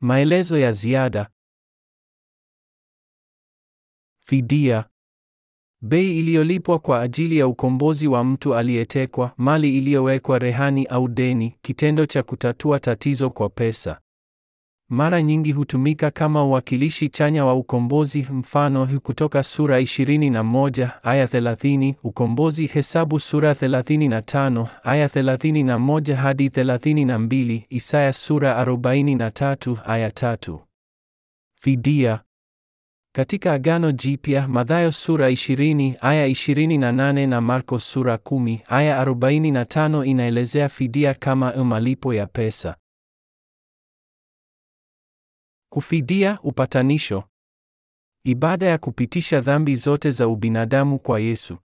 Maelezo ya ziada. Fidia. Bei iliyolipwa kwa ajili ya ukombozi wa mtu aliyetekwa, mali iliyowekwa rehani au deni, kitendo cha kutatua tatizo kwa pesa mara nyingi hutumika kama uwakilishi chanya wa ukombozi, mfano kutoka sura 21 aya 30, ukombozi Hesabu sura 35 aya 31 hadi 32, Isaya sura 43 aya 3. Fidia katika Agano Jipya, Mathayo sura 20 aya 28 na Marko sura 10 aya 45 inaelezea fidia kama malipo ya pesa. Kufidia upatanisho. Ibada ya kupitisha dhambi zote za ubinadamu kwa Yesu.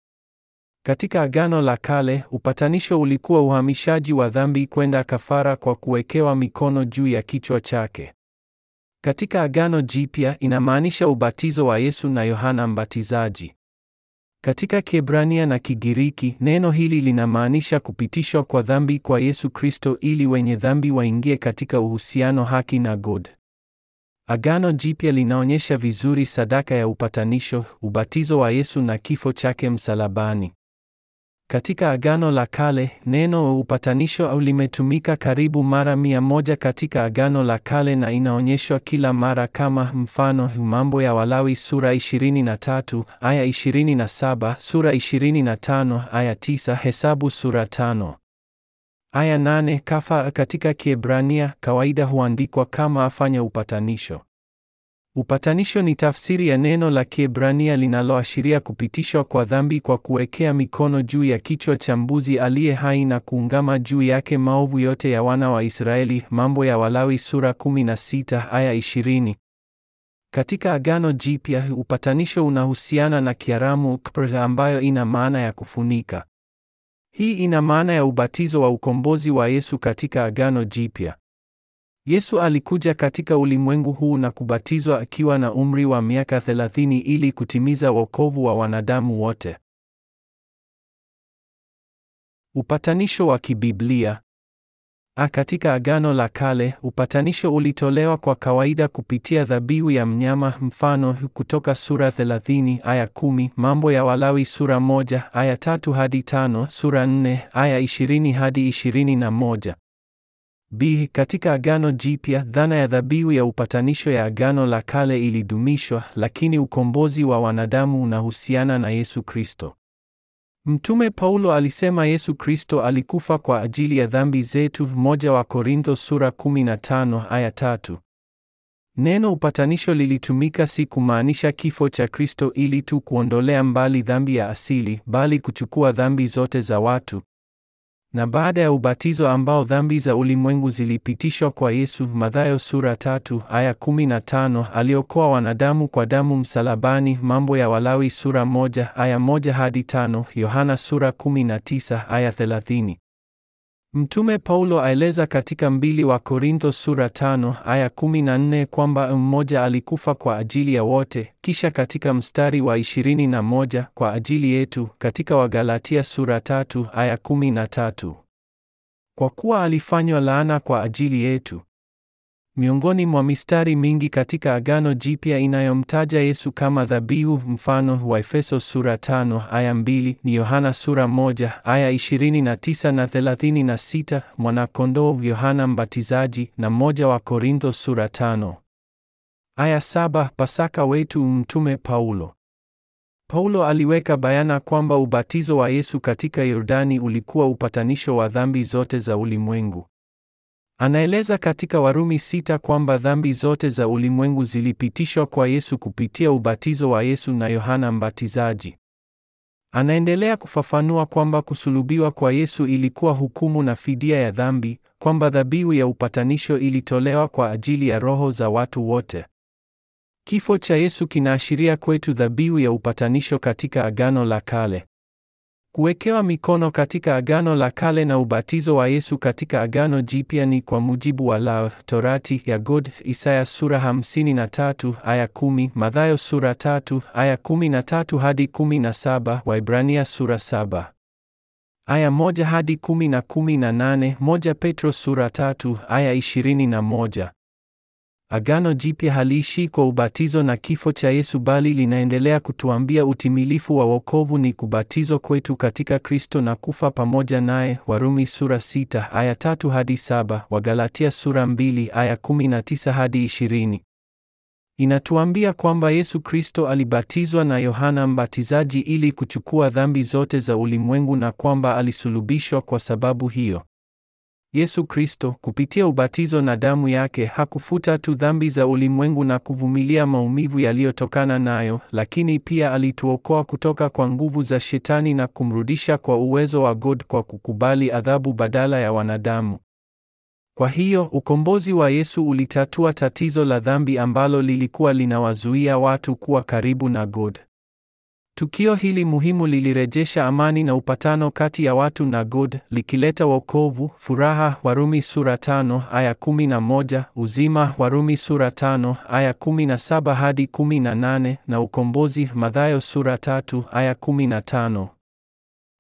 Katika Agano la Kale, upatanisho ulikuwa uhamishaji wa dhambi kwenda kafara kwa kuwekewa mikono juu ya kichwa chake. Katika Agano Jipya inamaanisha ubatizo wa Yesu na Yohana Mbatizaji. Katika Kiebrania na Kigiriki, neno hili linamaanisha kupitishwa kwa dhambi kwa Yesu Kristo ili wenye dhambi waingie katika uhusiano haki na God. Agano Jipya linaonyesha vizuri sadaka ya upatanisho, ubatizo wa Yesu na kifo chake msalabani. Katika Agano la Kale, neno upatanisho au limetumika karibu mara mia moja katika Agano la Kale na inaonyeshwa kila mara kama mfano Mambo ya Walawi sura 23 aya 27, sura 25 aya 9, Hesabu sura 5 Aya nane kafa katika Kiebrania kawaida huandikwa kama afanya upatanisho. Upatanisho ni tafsiri ya neno la Kiebrania linaloashiria kupitishwa kwa dhambi kwa kuwekea mikono juu ya kichwa cha mbuzi aliye hai na kuungama juu yake maovu yote ya wana wa Israeli, Mambo ya Walawi sura 16 aya 20. Katika Agano Jipya, upatanisho unahusiana na kiaramu kpr ambayo ina maana ya kufunika. Hii ina maana ya ubatizo wa ukombozi wa Yesu katika Agano Jipya. Yesu alikuja katika ulimwengu huu na kubatizwa akiwa na umri wa miaka 30 ili kutimiza wokovu wa wanadamu wote. Upatanisho wa kibiblia. A, ah, katika Agano la Kale upatanisho ulitolewa kwa kawaida kupitia dhabihu ya mnyama, mfano kutoka sura 30 aya 10, Mambo ya Walawi sura 1 aya 3 hadi 5, sura 4 aya 20 hadi 21. B, katika Agano Jipya dhana ya dhabihu ya upatanisho ya Agano la Kale ilidumishwa, lakini ukombozi wa wanadamu unahusiana na Yesu Kristo. Mtume Paulo alisema Yesu Kristo alikufa kwa ajili ya dhambi zetu, moja wa Korintho sura 15 aya tatu. Neno upatanisho lilitumika si kumaanisha kifo cha Kristo ili tu kuondolea mbali dhambi ya asili, bali kuchukua dhambi zote za watu. Na baada ya ubatizo ambao dhambi za ulimwengu zilipitishwa kwa Yesu, Mathayo sura tatu aya 15, aliokoa wanadamu kwa damu msalabani, mambo ya Walawi sura moja aya moja hadi tano, Yohana sura 19 aya 30. Mtume Paulo aeleza katika mbili wa Korintho sura tano aya nne kwamba mmoja alikufa kwa ajili ya wote, kisha katika mstari wa 21 kwa ajili yetu katika Wagalatia sura tatu aya tatu Kwa kuwa alifanywa laana kwa ajili yetu. Miongoni mwa mistari mingi katika Agano Jipya inayomtaja Yesu kama dhabihu, mfano wa Efeso sura 5 aya 2, ni Yohana sura 1 aya 29 na 36, mwanakondoo Yohana Mbatizaji, na moja wa Korintho sura 5 aya 7, Pasaka wetu, Mtume Paulo. Paulo aliweka bayana kwamba ubatizo wa Yesu katika Yordani ulikuwa upatanisho wa dhambi zote za ulimwengu. Anaeleza katika Warumi sita kwamba dhambi zote za ulimwengu zilipitishwa kwa Yesu kupitia ubatizo wa Yesu na Yohana Mbatizaji. Anaendelea kufafanua kwamba kusulubiwa kwa Yesu ilikuwa hukumu na fidia ya dhambi, kwamba dhabihu ya upatanisho ilitolewa kwa ajili ya roho za watu wote. Kifo cha Yesu kinaashiria kwetu dhabihu ya upatanisho katika Agano la Kale. Kuwekewa mikono katika Agano la Kale na ubatizo wa Yesu katika Agano Jipya ni kwa mujibu wa la Torati ya God, Isaya sura 53 aya 10, Mathayo sura 3 aya 13 hadi 17, Waibrania sura 7 aya 1 hadi 10 na 18, 1 Petro sura 3 aya 21. Agano Jipya haliishii kwa ubatizo na kifo cha Yesu bali linaendelea kutuambia utimilifu wa wokovu ni kubatizwa kwetu katika Kristo na kufa pamoja naye, Warumi sura sita aya tatu hadi saba, Wagalatia sura mbili aya kumi na tisa hadi ishirini. Inatuambia kwamba Yesu Kristo alibatizwa na Yohana Mbatizaji ili kuchukua dhambi zote za ulimwengu na kwamba alisulubishwa kwa sababu hiyo. Yesu Kristo kupitia ubatizo na damu yake hakufuta tu dhambi za ulimwengu na kuvumilia maumivu yaliyotokana nayo, lakini pia alituokoa kutoka kwa nguvu za Shetani na kumrudisha kwa uwezo wa God kwa kukubali adhabu badala ya wanadamu. Kwa hiyo, ukombozi wa Yesu ulitatua tatizo la dhambi ambalo lilikuwa linawazuia watu kuwa karibu na God. Tukio hili muhimu lilirejesha amani na upatano kati ya watu na God, likileta wokovu, furaha Warumi sura tano aya kumi na moja, uzima Warumi sura tano aya kumi na saba hadi kumi na nane, na ukombozi Mathayo sura tatu aya kumi na tano.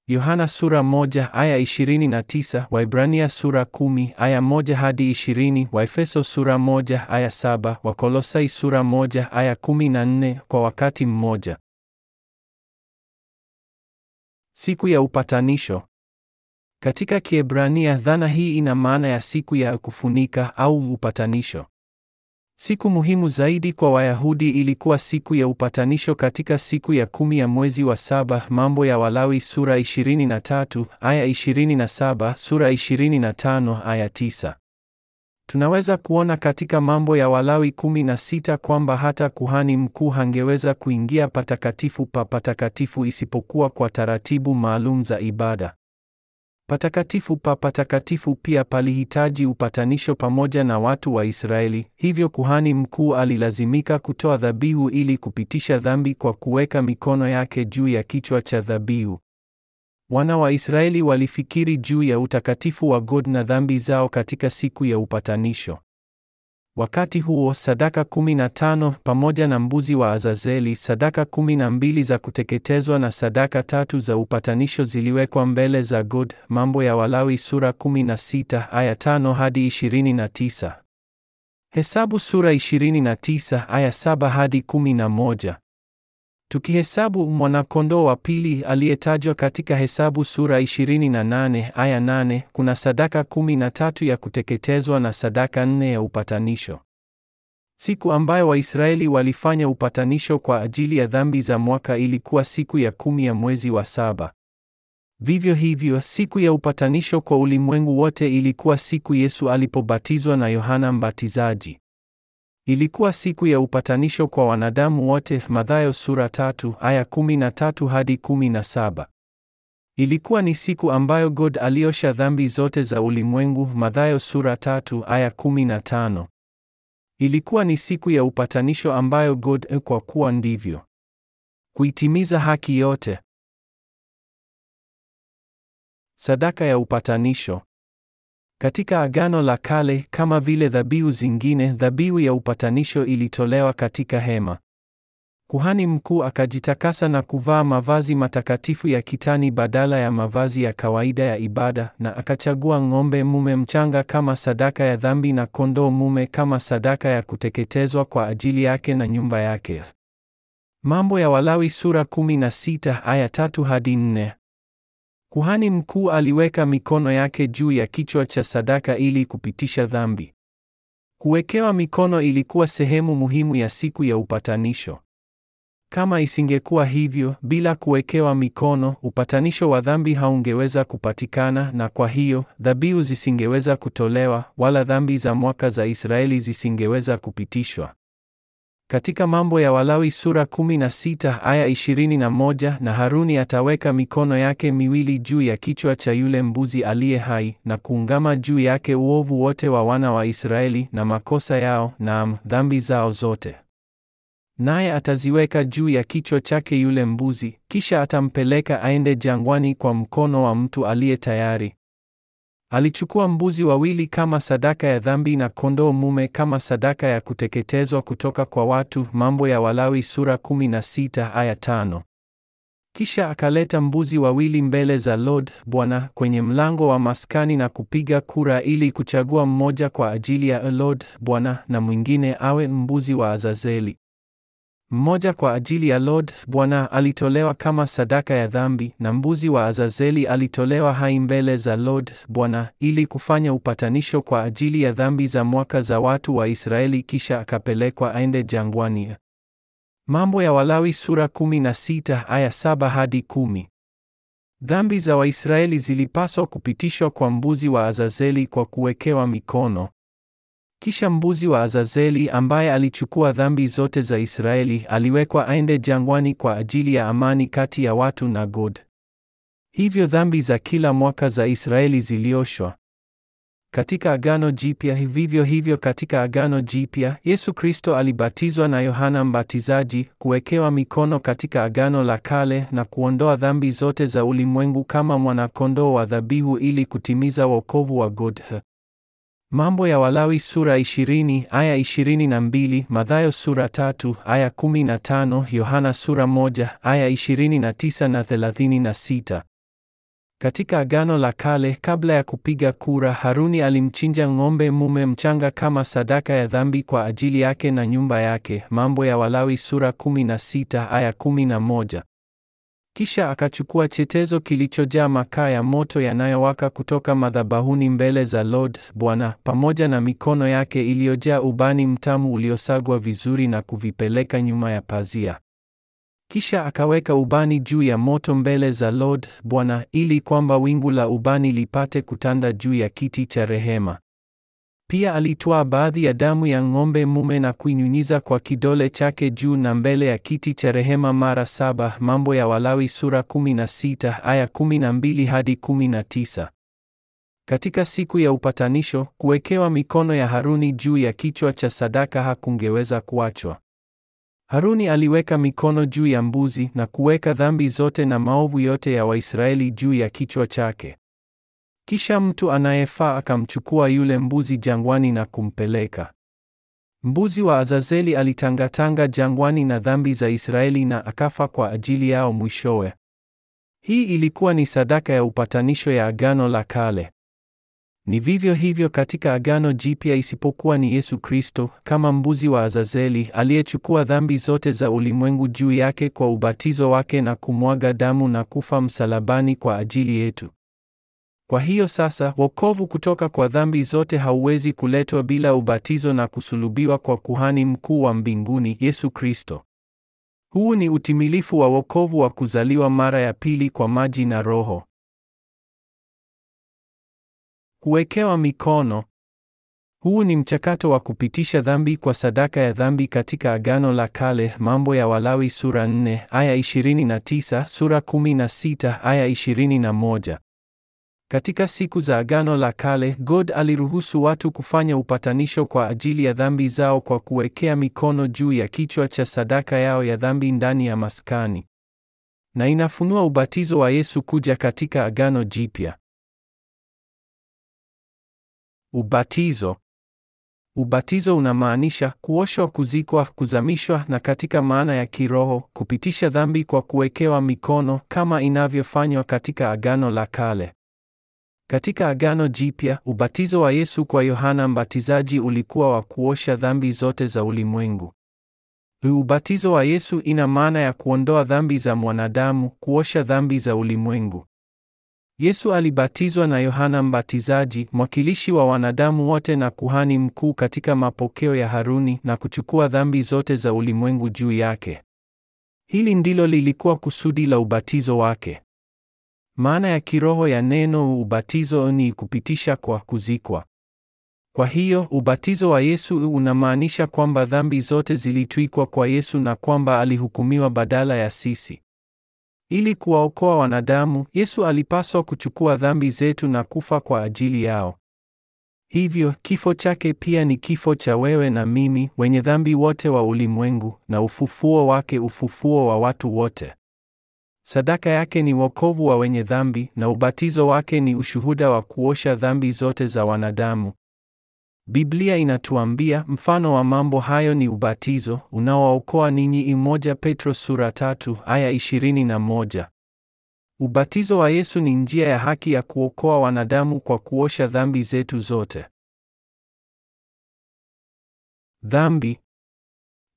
Yohana sura moja aya ishirini na tisa, Waibrania sura kumi aya moja hadi ishirini, Waefeso sura moja aya saba, Wakolosai sura moja aya kumi na nne kwa wakati mmoja. Siku ya upatanisho. Katika Kiebrania dhana hii ina maana ya siku ya kufunika au upatanisho. Siku muhimu zaidi kwa Wayahudi ilikuwa siku ya upatanisho katika siku ya kumi ya mwezi wa saba. Mambo ya Walawi sura 23 aya 27, sura 25 aya 9. Tunaweza kuona katika Mambo ya Walawi 16 kwamba hata kuhani mkuu hangeweza kuingia patakatifu pa patakatifu isipokuwa kwa taratibu maalum za ibada. Patakatifu pa patakatifu pia palihitaji upatanisho pamoja na watu wa Israeli, hivyo kuhani mkuu alilazimika kutoa dhabihu ili kupitisha dhambi kwa kuweka mikono yake juu ya kichwa cha dhabihu. Wana wa Israeli walifikiri juu ya utakatifu wa God na dhambi zao katika siku ya upatanisho. Wakati huo sadaka 15 pamoja na mbuzi wa Azazeli, sadaka 12 za kuteketezwa na sadaka tatu za upatanisho ziliwekwa mbele za God. Mambo ya Walawi sura 16 aya 5 hadi 29. Hesabu sura 29 aya 7 hadi 11. Tukihesabu mwanakondoo wa pili aliyetajwa katika Hesabu sura 28 aya 8, kuna sadaka 13 ya kuteketezwa na sadaka nne ya upatanisho. Siku ambayo Waisraeli walifanya upatanisho kwa ajili ya dhambi za mwaka ilikuwa siku ya kumi ya mwezi wa saba. Vivyo hivyo, siku ya upatanisho kwa ulimwengu wote ilikuwa siku Yesu alipobatizwa na Yohana Mbatizaji. Ilikuwa siku ya upatanisho kwa wanadamu wote, Mathayo sura tatu aya kumi na tatu hadi kumi na saba. Ilikuwa ni siku ambayo God aliosha dhambi zote za ulimwengu, Mathayo sura tatu aya kumi na tano. Ilikuwa ni siku ya upatanisho ambayo God, eh, kwa kuwa ndivyo, kuitimiza haki yote. Sadaka ya upatanisho. Katika Agano la Kale, kama vile dhabihu zingine, dhabihu ya upatanisho ilitolewa katika hema. Kuhani mkuu akajitakasa na kuvaa mavazi matakatifu ya kitani badala ya mavazi ya kawaida ya ibada, na akachagua ng'ombe mume mchanga kama sadaka ya dhambi na kondoo mume kama sadaka ya kuteketezwa kwa ajili yake na nyumba yake. Mambo ya Walawi sura 16 aya 3 hadi 4. Kuhani mkuu aliweka mikono yake juu ya kichwa cha sadaka ili kupitisha dhambi. Kuwekewa mikono ilikuwa sehemu muhimu ya siku ya upatanisho. Kama isingekuwa hivyo, bila kuwekewa mikono, upatanisho wa dhambi haungeweza kupatikana, na kwa hiyo dhabihu zisingeweza kutolewa, wala dhambi za mwaka za Israeli zisingeweza kupitishwa. Katika mambo ya Walawi sura 16 aya 21, na Haruni ataweka mikono yake miwili juu ya kichwa cha yule mbuzi aliye hai na kuungama juu yake uovu wote wa wana wa Israeli na makosa yao, naam, dhambi zao zote. Naye ataziweka juu ya kichwa chake yule mbuzi, kisha atampeleka aende jangwani kwa mkono wa mtu aliye tayari Alichukua mbuzi wawili kama sadaka ya dhambi na kondoo mume kama sadaka ya kuteketezwa kutoka kwa watu, Mambo ya Walawi sura 16 aya 5. Kisha akaleta mbuzi wawili mbele za Lord Bwana kwenye mlango wa maskani na kupiga kura ili kuchagua mmoja kwa ajili ya Lord Bwana na mwingine awe mbuzi wa Azazeli mmoja kwa ajili ya Lord Bwana alitolewa kama sadaka ya dhambi, na mbuzi wa Azazeli alitolewa hai mbele za Lord Bwana ili kufanya upatanisho kwa ajili ya dhambi za mwaka za watu wa Israeli, kisha akapelekwa aende jangwani. Mambo ya Walawi sura 16 aya 7 hadi 10. Dhambi za Waisraeli zilipaswa kupitishwa kwa mbuzi wa Azazeli kwa kuwekewa mikono. Kisha mbuzi wa Azazeli ambaye alichukua dhambi zote za Israeli aliwekwa aende jangwani kwa ajili ya amani kati ya watu na God. Hivyo dhambi za kila mwaka za Israeli zilioshwa. Katika Agano Jipya vivyo hivyo. Katika Agano Jipya Yesu Kristo alibatizwa na Yohana Mbatizaji, kuwekewa mikono katika Agano la Kale na kuondoa dhambi zote za ulimwengu kama mwanakondoo wa dhabihu ili kutimiza wokovu wa God. Mambo ya Walawi sura 20 aya 22, Mathayo sura 3 aya 15, Yohana sura 1 aya 29 na 36. Katika Agano la Kale, kabla ya kupiga kura, Haruni alimchinja ng'ombe mume mchanga kama sadaka ya dhambi kwa ajili yake na nyumba yake. Mambo ya Walawi sura 16 aya 11. Kisha akachukua chetezo kilichojaa makaa ya moto yanayowaka kutoka madhabahuni mbele za Lord Bwana, pamoja na mikono yake iliyojaa ubani mtamu uliosagwa vizuri na kuvipeleka nyuma ya pazia. Kisha akaweka ubani juu ya moto mbele za Lord Bwana, ili kwamba wingu la ubani lipate kutanda juu ya kiti cha rehema. Pia alitwaa baadhi ya damu ya ng'ombe mume na kuinyunyiza kwa kidole chake juu na mbele ya kiti cha rehema mara saba. Mambo ya Walawi sura 16 aya 12 hadi 19. Katika siku ya upatanisho, kuwekewa mikono ya Haruni juu ya kichwa cha sadaka hakungeweza kuachwa. Haruni aliweka mikono juu ya mbuzi na kuweka dhambi zote na maovu yote ya Waisraeli juu ya kichwa chake. Kisha mtu anayefaa akamchukua yule mbuzi jangwani na kumpeleka. Mbuzi wa Azazeli alitangatanga jangwani na dhambi za Israeli na akafa kwa ajili yao mwishowe. Hii ilikuwa ni sadaka ya upatanisho ya Agano la Kale. Ni vivyo hivyo katika Agano Jipya isipokuwa ni Yesu Kristo kama mbuzi wa Azazeli aliyechukua dhambi zote za ulimwengu juu yake kwa ubatizo wake na kumwaga damu na kufa msalabani kwa ajili yetu. Kwa hiyo sasa wokovu kutoka kwa dhambi zote hauwezi kuletwa bila ubatizo na kusulubiwa kwa kuhani mkuu wa mbinguni Yesu Kristo. Huu ni utimilifu wa wokovu wa kuzaliwa mara ya pili kwa maji na Roho. Kuwekewa mikono. Huu ni mchakato wa kupitisha dhambi kwa sadaka ya dhambi katika Agano la Kale, Mambo ya Walawi sura 4 aya 29, sura 16 aya 21. Katika siku za Agano la Kale, God aliruhusu watu kufanya upatanisho kwa ajili ya dhambi zao kwa kuwekea mikono juu ya kichwa cha sadaka yao ya dhambi ndani ya maskani. Na inafunua ubatizo wa Yesu kuja katika Agano Jipya. Ubatizo. Ubatizo unamaanisha kuoshwa, kuzikwa, kuzamishwa na katika maana ya kiroho kupitisha dhambi kwa kuwekewa mikono kama inavyofanywa katika Agano la Kale. Katika Agano Jipya, ubatizo wa Yesu kwa Yohana Mbatizaji ulikuwa wa kuosha dhambi zote za ulimwengu. Ubatizo wa Yesu ina maana ya kuondoa dhambi za mwanadamu, kuosha dhambi za ulimwengu. Yesu alibatizwa na Yohana Mbatizaji, mwakilishi wa wanadamu wote na kuhani mkuu katika mapokeo ya Haruni na kuchukua dhambi zote za ulimwengu juu yake. Hili ndilo lilikuwa kusudi la ubatizo wake. Maana ya kiroho ya neno ubatizo ni kupitisha kwa kuzikwa. Kwa hiyo ubatizo wa Yesu unamaanisha kwamba dhambi zote zilitwikwa kwa Yesu na kwamba alihukumiwa badala ya sisi. Ili kuwaokoa wanadamu, Yesu alipaswa kuchukua dhambi zetu na kufa kwa ajili yao. Hivyo kifo chake pia ni kifo cha wewe na mimi wenye dhambi wote wa ulimwengu na ufufuo wake ufufuo wa watu wote. Sadaka yake ni wokovu wa wenye dhambi na ubatizo wake ni ushuhuda wa kuosha dhambi zote za wanadamu. Biblia inatuambia mfano wa mambo hayo ni ubatizo unaowaokoa ninyi, imoja Petro sura tatu aya ishirini na moja. Ubatizo wa Yesu ni njia ya haki ya kuokoa wanadamu kwa kuosha dhambi zetu zote. Dhambi.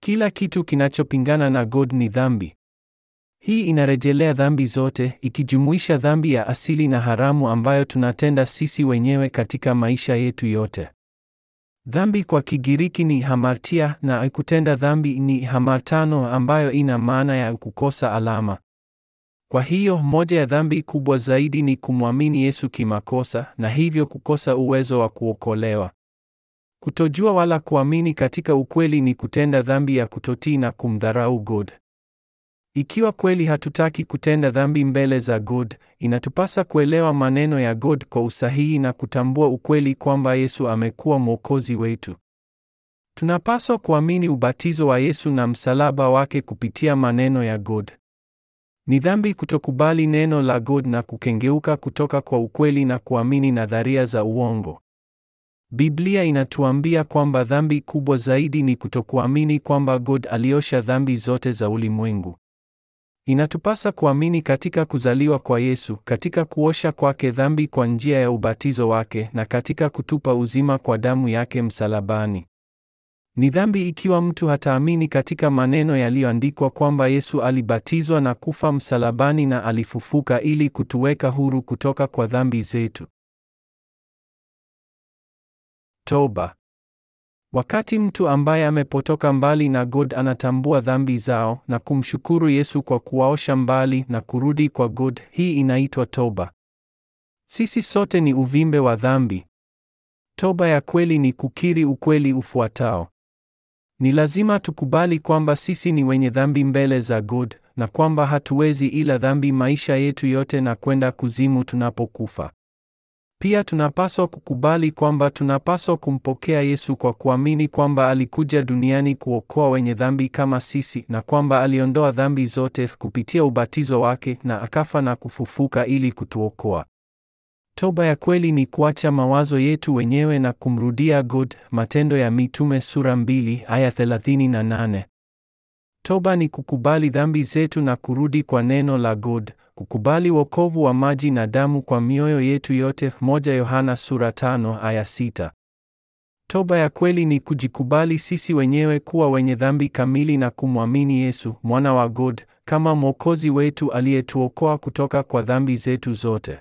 Kila kitu kinachopingana na God ni dhambi. Hii inarejelea dhambi zote ikijumuisha dhambi ya asili na haramu ambayo tunatenda sisi wenyewe katika maisha yetu yote. Dhambi kwa Kigiriki ni hamartia na kutenda dhambi ni hamartano ambayo ina maana ya kukosa alama. Kwa hiyo moja ya dhambi kubwa zaidi ni kumwamini Yesu kimakosa na hivyo kukosa uwezo wa kuokolewa. Kutojua wala kuamini katika ukweli ni kutenda dhambi ya kutotii na kumdharau God. Ikiwa kweli hatutaki kutenda dhambi mbele za God, inatupasa kuelewa maneno ya God kwa usahihi na kutambua ukweli kwamba Yesu amekuwa mwokozi wetu. Tunapaswa kuamini ubatizo wa Yesu na msalaba wake kupitia maneno ya God. Ni dhambi kutokubali neno la God na kukengeuka kutoka kwa ukweli na kuamini nadharia za uongo. Biblia inatuambia kwamba dhambi kubwa zaidi ni kutokuamini kwamba God aliosha dhambi zote za ulimwengu. Inatupasa kuamini katika kuzaliwa kwa Yesu, katika kuosha kwake dhambi kwa njia ya ubatizo wake na katika kutupa uzima kwa damu yake msalabani. Ni dhambi ikiwa mtu hataamini katika maneno yaliyoandikwa kwamba Yesu alibatizwa na kufa msalabani na alifufuka ili kutuweka huru kutoka kwa dhambi zetu. Toba. Wakati mtu ambaye amepotoka mbali na God anatambua dhambi zao na kumshukuru Yesu kwa kuwaosha mbali na kurudi kwa God, hii inaitwa toba. Sisi sote ni uvimbe wa dhambi. Toba ya kweli ni kukiri ukweli ufuatao. Ni lazima tukubali kwamba sisi ni wenye dhambi mbele za God na kwamba hatuwezi ila dhambi maisha yetu yote na kwenda kuzimu tunapokufa. Pia tunapaswa kukubali kwamba tunapaswa kumpokea Yesu kwa kuamini kwamba alikuja duniani kuokoa wenye dhambi kama sisi na kwamba aliondoa dhambi zote kupitia ubatizo wake na akafa na kufufuka ili kutuokoa. Toba ya kweli ni kuacha mawazo yetu wenyewe na kumrudia God, Matendo ya Mitume sura 2 aya 38. Toba ni kukubali dhambi zetu na kurudi kwa neno la God, kukubali wokovu wa maji na damu kwa mioyo yetu yote, moja Yohana sura tano aya sita. Toba ya kweli ni kujikubali sisi wenyewe kuwa wenye dhambi kamili na kumwamini Yesu, mwana wa God, kama mwokozi wetu aliyetuokoa kutoka kwa dhambi zetu zote.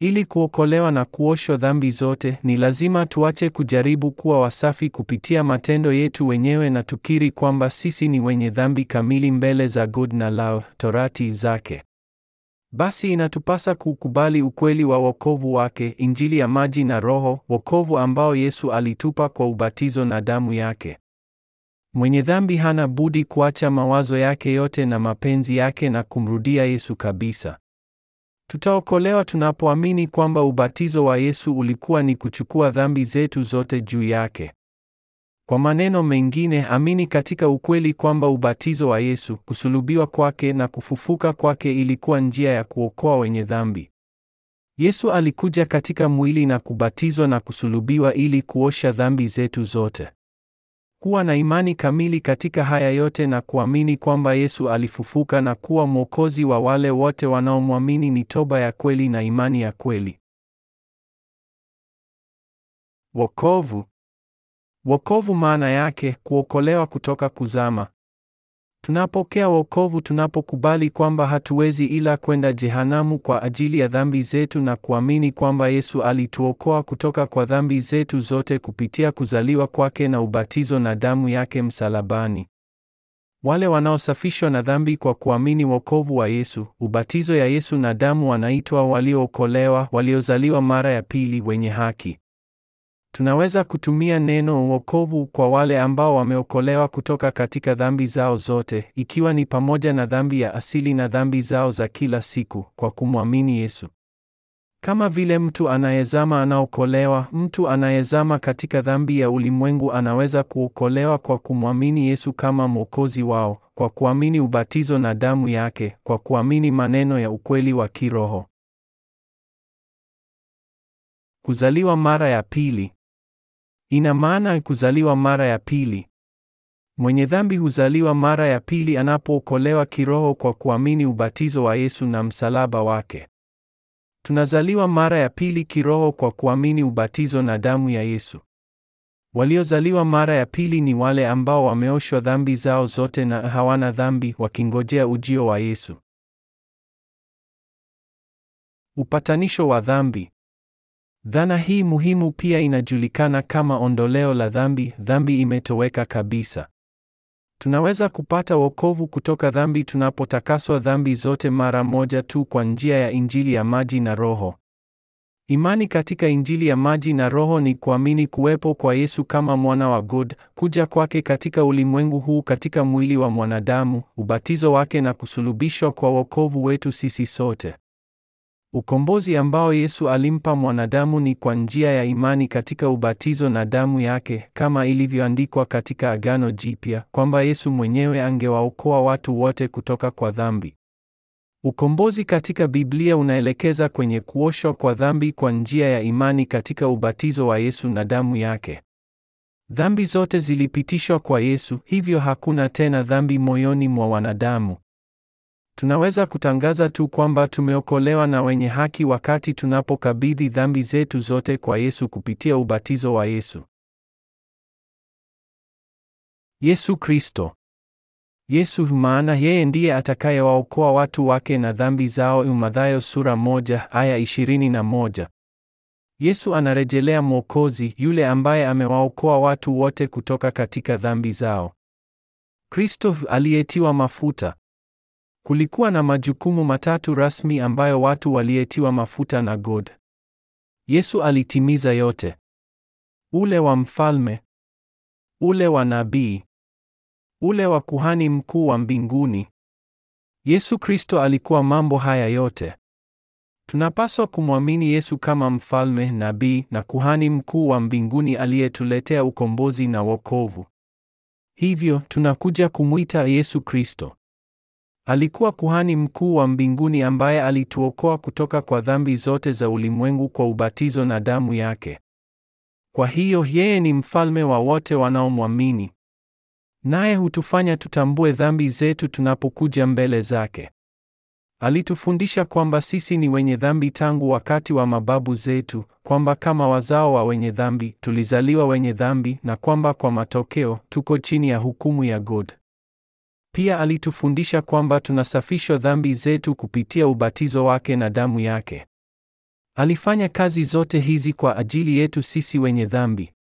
Ili kuokolewa na kuoshwa dhambi zote, ni lazima tuache kujaribu kuwa wasafi kupitia matendo yetu wenyewe na tukiri kwamba sisi ni wenye dhambi kamili mbele za God na law torati zake. Basi inatupasa kukubali ukweli wa wokovu wake, injili ya maji na Roho, wokovu ambao Yesu alitupa kwa ubatizo na damu yake. Mwenye dhambi hana budi kuacha mawazo yake yote na mapenzi yake na kumrudia Yesu kabisa. Tutaokolewa tunapoamini kwamba ubatizo wa Yesu ulikuwa ni kuchukua dhambi zetu zote juu yake. Kwa maneno mengine, amini katika ukweli kwamba ubatizo wa Yesu, kusulubiwa kwake na kufufuka kwake ilikuwa njia ya kuokoa wenye dhambi. Yesu alikuja katika mwili na kubatizwa na kusulubiwa ili kuosha dhambi zetu zote. Kuwa na imani kamili katika haya yote na kuamini kwamba Yesu alifufuka na kuwa mwokozi wa wale wote wanaomwamini ni toba ya kweli na imani ya kweli. Wokovu Wokovu maana yake kuokolewa kutoka kuzama. Tunapokea wokovu tunapokubali kwamba hatuwezi ila kwenda jehanamu kwa ajili ya dhambi zetu na kuamini kwamba Yesu alituokoa kutoka kwa dhambi zetu zote kupitia kuzaliwa kwake na ubatizo na damu yake msalabani. Wale wanaosafishwa na dhambi kwa kuamini wokovu wa Yesu, ubatizo ya Yesu na damu wanaitwa waliookolewa, waliozaliwa mara ya pili, wenye haki. Tunaweza kutumia neno uokovu kwa wale ambao wameokolewa kutoka katika dhambi zao zote, ikiwa ni pamoja na dhambi ya asili na dhambi zao za kila siku, kwa kumwamini Yesu. Kama vile mtu anayezama anaokolewa, mtu anayezama katika dhambi ya ulimwengu anaweza kuokolewa kwa kumwamini Yesu kama Mwokozi wao, kwa kuamini ubatizo na damu yake, kwa kuamini maneno ya ukweli wa kiroho. Kuzaliwa mara ya pili. Ina maana kuzaliwa mara ya pili. Mwenye dhambi huzaliwa mara ya pili anapookolewa kiroho kwa kuamini ubatizo wa Yesu na msalaba wake. Tunazaliwa mara ya pili kiroho kwa kuamini ubatizo na damu ya Yesu. Waliozaliwa mara ya pili ni wale ambao wameoshwa dhambi zao zote na hawana dhambi wakingojea ujio wa Yesu. Upatanisho wa dhambi. Dhana hii muhimu pia inajulikana kama ondoleo la dhambi, dhambi imetoweka kabisa. Tunaweza kupata wokovu kutoka dhambi tunapotakaswa dhambi zote mara moja tu kwa njia ya Injili ya maji na Roho. Imani katika Injili ya maji na Roho ni kuamini kuwepo kwa Yesu kama mwana wa God, kuja kwake katika ulimwengu huu katika mwili wa mwanadamu, ubatizo wake na kusulubishwa kwa wokovu wetu sisi sote. Ukombozi ambao Yesu alimpa mwanadamu ni kwa njia ya imani katika ubatizo na damu yake, kama ilivyoandikwa katika Agano Jipya kwamba Yesu mwenyewe angewaokoa watu wote kutoka kwa dhambi. Ukombozi katika Biblia unaelekeza kwenye kuoshwa kwa dhambi kwa njia ya imani katika ubatizo wa Yesu na damu yake. Dhambi zote zilipitishwa kwa Yesu, hivyo hakuna tena dhambi moyoni mwa wanadamu. Tunaweza kutangaza tu kwamba tumeokolewa na wenye haki wakati tunapokabidhi dhambi zetu zote kwa Yesu kupitia ubatizo wa Yesu. Yesu Kristo. Yesu maana yeye ndiye atakayewaokoa watu wake na dhambi zao Mathayo sura moja aya ishirini na moja. Yesu anarejelea Mwokozi yule ambaye amewaokoa watu wote kutoka katika dhambi zao. Kristo aliyetiwa mafuta. Kulikuwa na majukumu matatu rasmi ambayo watu waliyetiwa mafuta na God. Yesu alitimiza yote. Ule wa mfalme, ule wa nabii, ule wa kuhani mkuu wa mbinguni. Yesu Kristo alikuwa mambo haya yote. Tunapaswa kumwamini Yesu kama mfalme, nabii na kuhani mkuu wa mbinguni aliyetuletea ukombozi na wokovu. Hivyo tunakuja kumwita Yesu Kristo. Alikuwa kuhani mkuu wa mbinguni ambaye alituokoa kutoka kwa dhambi zote za ulimwengu kwa ubatizo na damu yake. Kwa hiyo yeye ni mfalme wa wote wanaomwamini. Naye hutufanya tutambue dhambi zetu tunapokuja mbele zake. Alitufundisha kwamba sisi ni wenye dhambi tangu wakati wa mababu zetu, kwamba kama wazao wa wenye dhambi tulizaliwa wenye dhambi na kwamba kwa matokeo tuko chini ya hukumu ya God. Pia alitufundisha kwamba tunasafishwa dhambi zetu kupitia ubatizo wake na damu yake. Alifanya kazi zote hizi kwa ajili yetu sisi wenye dhambi.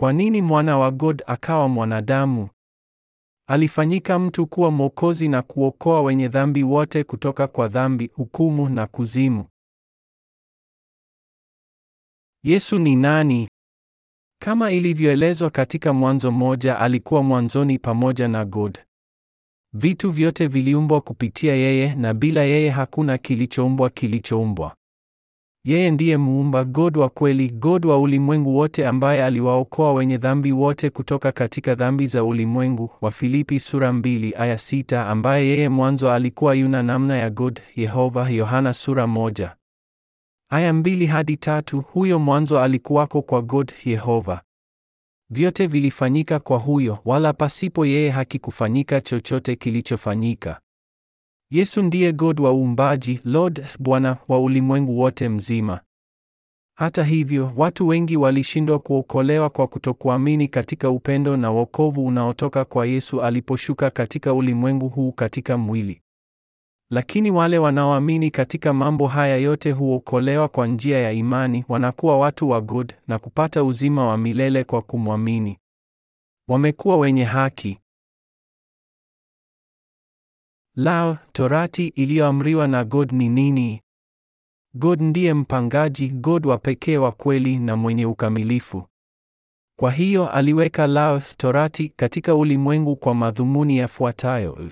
Kwa nini mwana wa God akawa mwanadamu? Alifanyika mtu kuwa mwokozi na kuokoa wenye dhambi wote kutoka kwa dhambi, hukumu na kuzimu. Yesu ni nani? Kama ilivyoelezwa katika Mwanzo moja, alikuwa mwanzoni pamoja na God. Vitu vyote viliumbwa kupitia yeye na bila yeye hakuna kilichoumbwa kilichoumbwa. Yeye ndiye muumba, God wa kweli, God wa ulimwengu wote ambaye aliwaokoa wenye dhambi wote kutoka katika dhambi za ulimwengu, wa Filipi sura mbili aya sita ambaye yeye mwanzo alikuwa yuna namna ya God Yehova, Yohana sura moja aya mbili hadi tatu, huyo mwanzo alikuwako kwa God Yehova. Vyote vilifanyika kwa huyo, wala pasipo yeye hakikufanyika chochote kilichofanyika. Yesu ndiye God wa uumbaji, Lord Bwana wa ulimwengu wote mzima. Hata hivyo, watu wengi walishindwa kuokolewa kwa kutokuamini katika upendo na wokovu unaotoka kwa Yesu aliposhuka katika ulimwengu huu katika mwili. Lakini wale wanaoamini katika mambo haya yote huokolewa kwa njia ya imani, wanakuwa watu wa God na kupata uzima wa milele kwa kumwamini. Wamekuwa wenye haki. Lao, Torati iliyoamriwa na God ni nini? God ndiye mpangaji, God wa pekee wa kweli na mwenye ukamilifu. Kwa hiyo aliweka Lao, Torati katika ulimwengu kwa madhumuni yafuatayo.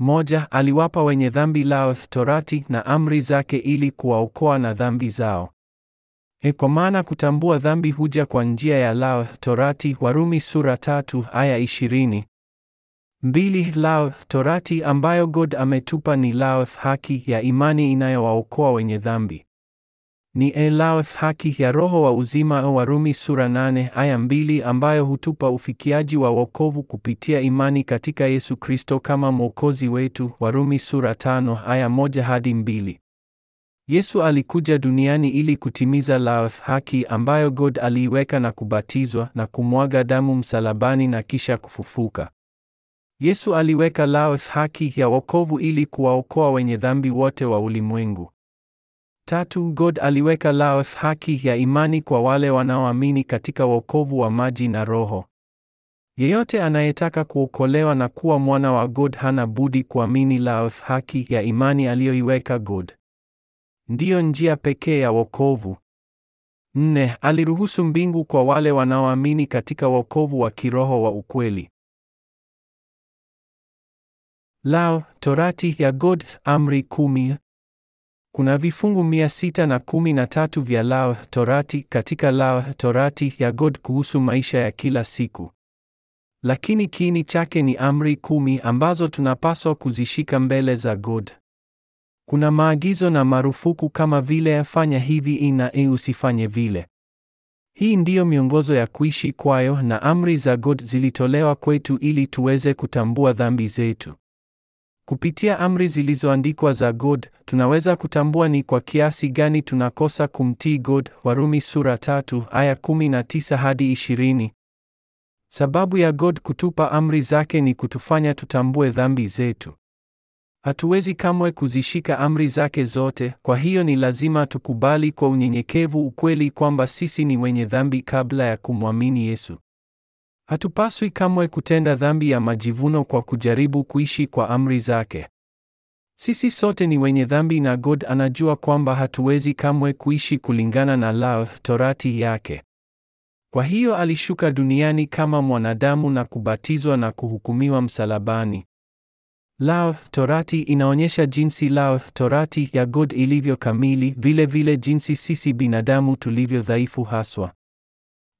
Moja, aliwapa wenye dhambi lao Torati na amri zake ili kuwaokoa na dhambi zao. E, kwa maana kutambua dhambi huja kwa njia ya lao Torati, Warumi sura tatu aya ishirini. Mbili, lao Torati ambayo God ametupa ni lao haki ya imani inayowaokoa wenye dhambi. Ni haki ya roho wa uzima Warumi sura nane aya mbili ambayo hutupa ufikiaji wa wokovu kupitia imani katika Yesu Kristo kama Mwokozi wetu Warumi sura tano aya moja hadi mbili. Yesu alikuja duniani ili kutimiza laweth haki ambayo God aliiweka na kubatizwa na kumwaga damu msalabani na kisha kufufuka. Yesu aliweka laweth haki ya wokovu ili kuwaokoa wenye dhambi wote wa ulimwengu. Tatu, God aliweka laoth haki ya imani kwa wale wanaoamini katika wokovu wa maji na Roho. Yeyote anayetaka kuokolewa na kuwa mwana wa God hana budi kuamini laoth haki ya imani aliyoiweka God. Ndiyo njia pekee ya wokovu. Nne, aliruhusu mbingu kwa wale wanaoamini katika wokovu wa kiroho wa ukweli. Lao, Torati ya God, amri kumi. Kuna vifungu 613 vya Law Torati katika Lao Torati ya God kuhusu maisha ya kila siku, lakini kiini chake ni amri kumi ambazo tunapaswa kuzishika mbele za God. Kuna maagizo na marufuku kama vile afanya hivi ina e usifanye vile. Hii ndiyo miongozo ya kuishi kwayo, na amri za God zilitolewa kwetu ili tuweze kutambua dhambi zetu. Kupitia amri zilizoandikwa za God, tunaweza kutambua ni kwa kiasi gani tunakosa kumtii God, Warumi sura tatu aya 19 hadi 20. Sababu ya God kutupa amri zake ni kutufanya tutambue dhambi zetu. Hatuwezi kamwe kuzishika amri zake zote, kwa hiyo ni lazima tukubali kwa unyenyekevu ukweli kwamba sisi ni wenye dhambi kabla ya kumwamini Yesu. Hatupaswi kamwe kutenda dhambi ya majivuno kwa kujaribu kuishi kwa amri zake. Sisi sote ni wenye dhambi na God anajua kwamba hatuwezi kamwe kuishi kulingana na law, torati yake. Kwa hiyo alishuka duniani kama mwanadamu na kubatizwa na kuhukumiwa msalabani. Law, torati inaonyesha jinsi law, torati ya God ilivyo kamili, vile vile jinsi sisi binadamu tulivyo dhaifu haswa.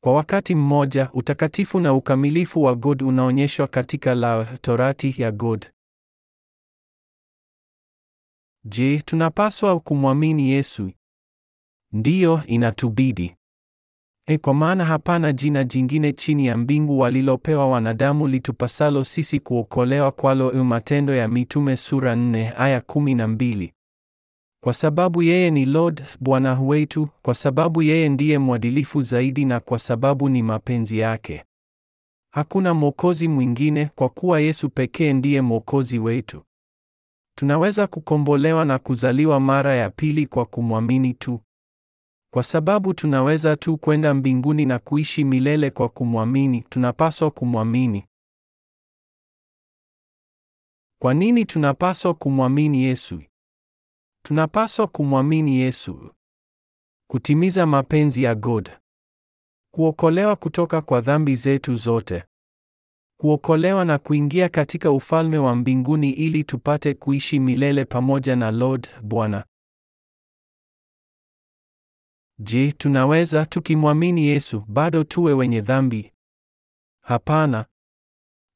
Kwa wakati mmoja, utakatifu na ukamilifu wa God unaonyeshwa katika la Torati ya God. Je, tunapaswa kumwamini Yesu? Ndiyo, inatubidi. E, kwa maana hapana jina jingine chini ya mbingu walilopewa wanadamu litupasalo sisi kuokolewa kwalo. E, Matendo ya Mitume sura 4 aya 12. Kwa sababu yeye ni Lord Bwana wetu, kwa sababu yeye ndiye mwadilifu zaidi na kwa sababu ni mapenzi yake. Hakuna mwokozi mwingine kwa kuwa Yesu pekee ndiye mwokozi wetu. Tunaweza kukombolewa na kuzaliwa mara ya pili kwa kumwamini tu. Kwa sababu tunaweza tu kwenda mbinguni na kuishi milele kwa kumwamini, tunapaswa kumwamini. Kwa nini tunapaswa kumwamini Yesu? Tunapaswa kumwamini Yesu, kutimiza mapenzi ya God, kuokolewa kutoka kwa dhambi zetu zote, kuokolewa na kuingia katika ufalme wa mbinguni ili tupate kuishi milele pamoja na Lord Bwana. Je, tunaweza tukimwamini Yesu bado tuwe wenye dhambi? Hapana.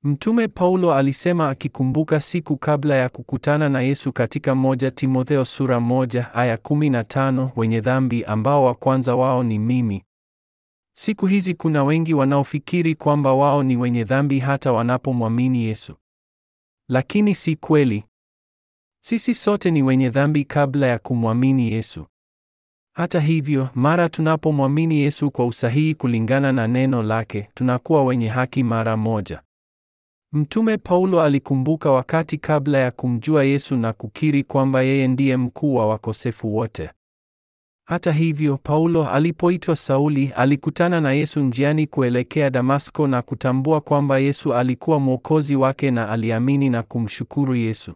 Mtume Paulo alisema akikumbuka siku kabla ya kukutana na Yesu katika moja Timotheo sura moja aya tano wenye dhambi ambao wa kwanza wao ni mimi. Siku hizi kuna wengi wanaofikiri kwamba wao ni wenye dhambi hata wanapomwamini Yesu. Lakini si kweli. Sisi sote ni wenye dhambi kabla ya kumwamini Yesu. Hata hivyo, mara tunapomwamini Yesu kwa usahihi kulingana na neno lake, tunakuwa wenye haki mara moja. Mtume Paulo alikumbuka wakati kabla ya kumjua Yesu na kukiri kwamba yeye ndiye mkuu wa wakosefu wote. Hata hivyo, Paulo alipoitwa Sauli, alikutana na Yesu njiani kuelekea Damasko na kutambua kwamba Yesu alikuwa Mwokozi wake na aliamini na kumshukuru Yesu.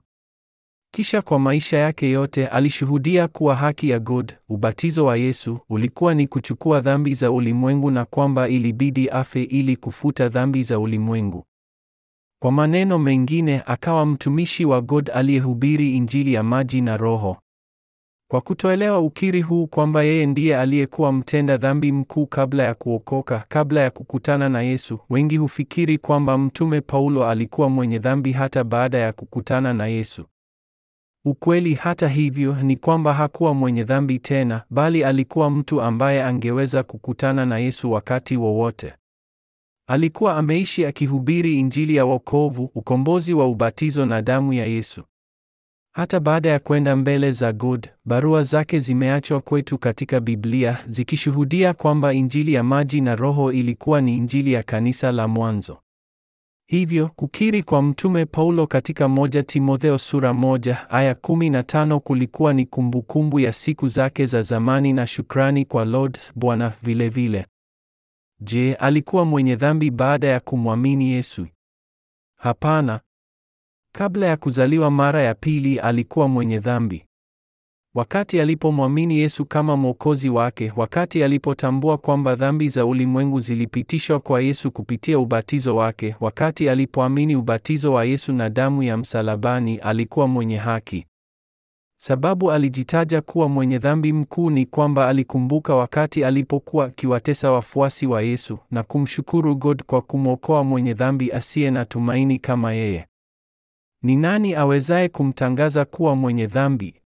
Kisha kwa maisha yake yote alishuhudia kuwa haki ya God, ubatizo wa Yesu, ulikuwa ni kuchukua dhambi za ulimwengu na kwamba ilibidi afe ili kufuta dhambi za ulimwengu. Kwa maneno mengine, akawa mtumishi wa God aliyehubiri injili ya maji na Roho. Kwa kutoelewa ukiri huu kwamba yeye ndiye aliyekuwa mtenda dhambi mkuu kabla ya kuokoka, kabla ya kukutana na Yesu, wengi hufikiri kwamba mtume Paulo alikuwa mwenye dhambi hata baada ya kukutana na Yesu. Ukweli hata hivyo ni kwamba hakuwa mwenye dhambi tena, bali alikuwa mtu ambaye angeweza kukutana na Yesu wakati wowote. Alikuwa ameishi akihubiri injili ya wokovu, ukombozi wa ubatizo na damu ya Yesu. Hata baada ya kwenda mbele za God, barua zake zimeachwa kwetu katika Biblia zikishuhudia kwamba injili ya maji na Roho ilikuwa ni injili ya kanisa la mwanzo. Hivyo, kukiri kwa Mtume Paulo katika moja Timotheo sura moja aya tano kulikuwa ni kumbukumbu ya siku zake za zamani na shukrani kwa Lord Bwana vilevile. Je, alikuwa mwenye dhambi baada ya kumwamini Yesu? Hapana. Kabla ya kuzaliwa mara ya pili alikuwa mwenye dhambi. Wakati alipomwamini Yesu kama mwokozi wake, wakati alipotambua kwamba dhambi za ulimwengu zilipitishwa kwa Yesu kupitia ubatizo wake, wakati alipoamini ubatizo wa Yesu na damu ya msalabani, alikuwa mwenye haki. Sababu alijitaja kuwa mwenye dhambi mkuu ni kwamba alikumbuka wakati alipokuwa akiwatesa wafuasi wa Yesu na kumshukuru God kwa kumwokoa mwenye dhambi asiye na tumaini kama yeye. Ni nani awezaye kumtangaza kuwa mwenye dhambi?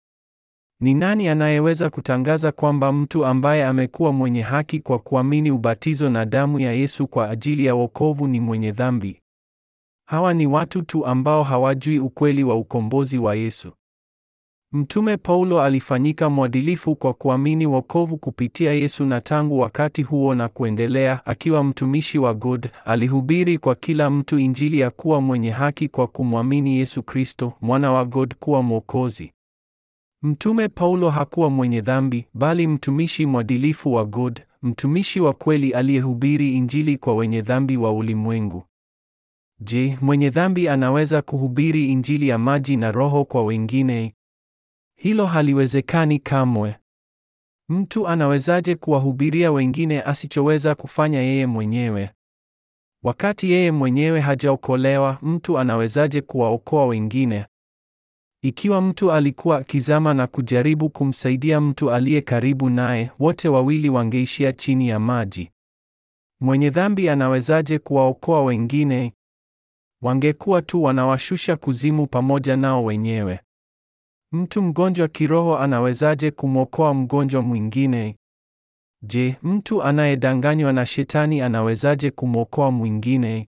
Ni nani anayeweza kutangaza kwamba mtu ambaye amekuwa mwenye haki kwa kuamini ubatizo na damu ya Yesu kwa ajili ya wokovu ni mwenye dhambi? Hawa ni watu tu ambao hawajui ukweli wa ukombozi wa Yesu. Mtume Paulo alifanyika mwadilifu kwa kuamini wokovu kupitia Yesu na tangu wakati huo na kuendelea, akiwa mtumishi wa God, alihubiri kwa kila mtu injili ya kuwa mwenye haki kwa kumwamini Yesu Kristo, mwana wa God kuwa Mwokozi. Mtume Paulo hakuwa mwenye dhambi, bali mtumishi mwadilifu wa God, mtumishi wa kweli aliyehubiri injili kwa wenye dhambi wa ulimwengu. Je, mwenye dhambi anaweza kuhubiri injili ya maji na roho kwa wengine? Hilo haliwezekani kamwe. Mtu anawezaje kuwahubiria wengine asichoweza kufanya yeye mwenyewe? Wakati yeye mwenyewe hajaokolewa, mtu anawezaje kuwaokoa wengine? Ikiwa mtu alikuwa akizama na kujaribu kumsaidia mtu aliye karibu naye, wote wawili wangeishia chini ya maji. Mwenye dhambi anawezaje kuwaokoa wengine? Wangekuwa tu wanawashusha kuzimu pamoja nao wenyewe. Mtu mgonjwa kiroho anawezaje kumwokoa mgonjwa mwingine? Je, mtu anayedanganywa na shetani anawezaje kumwokoa mwingine?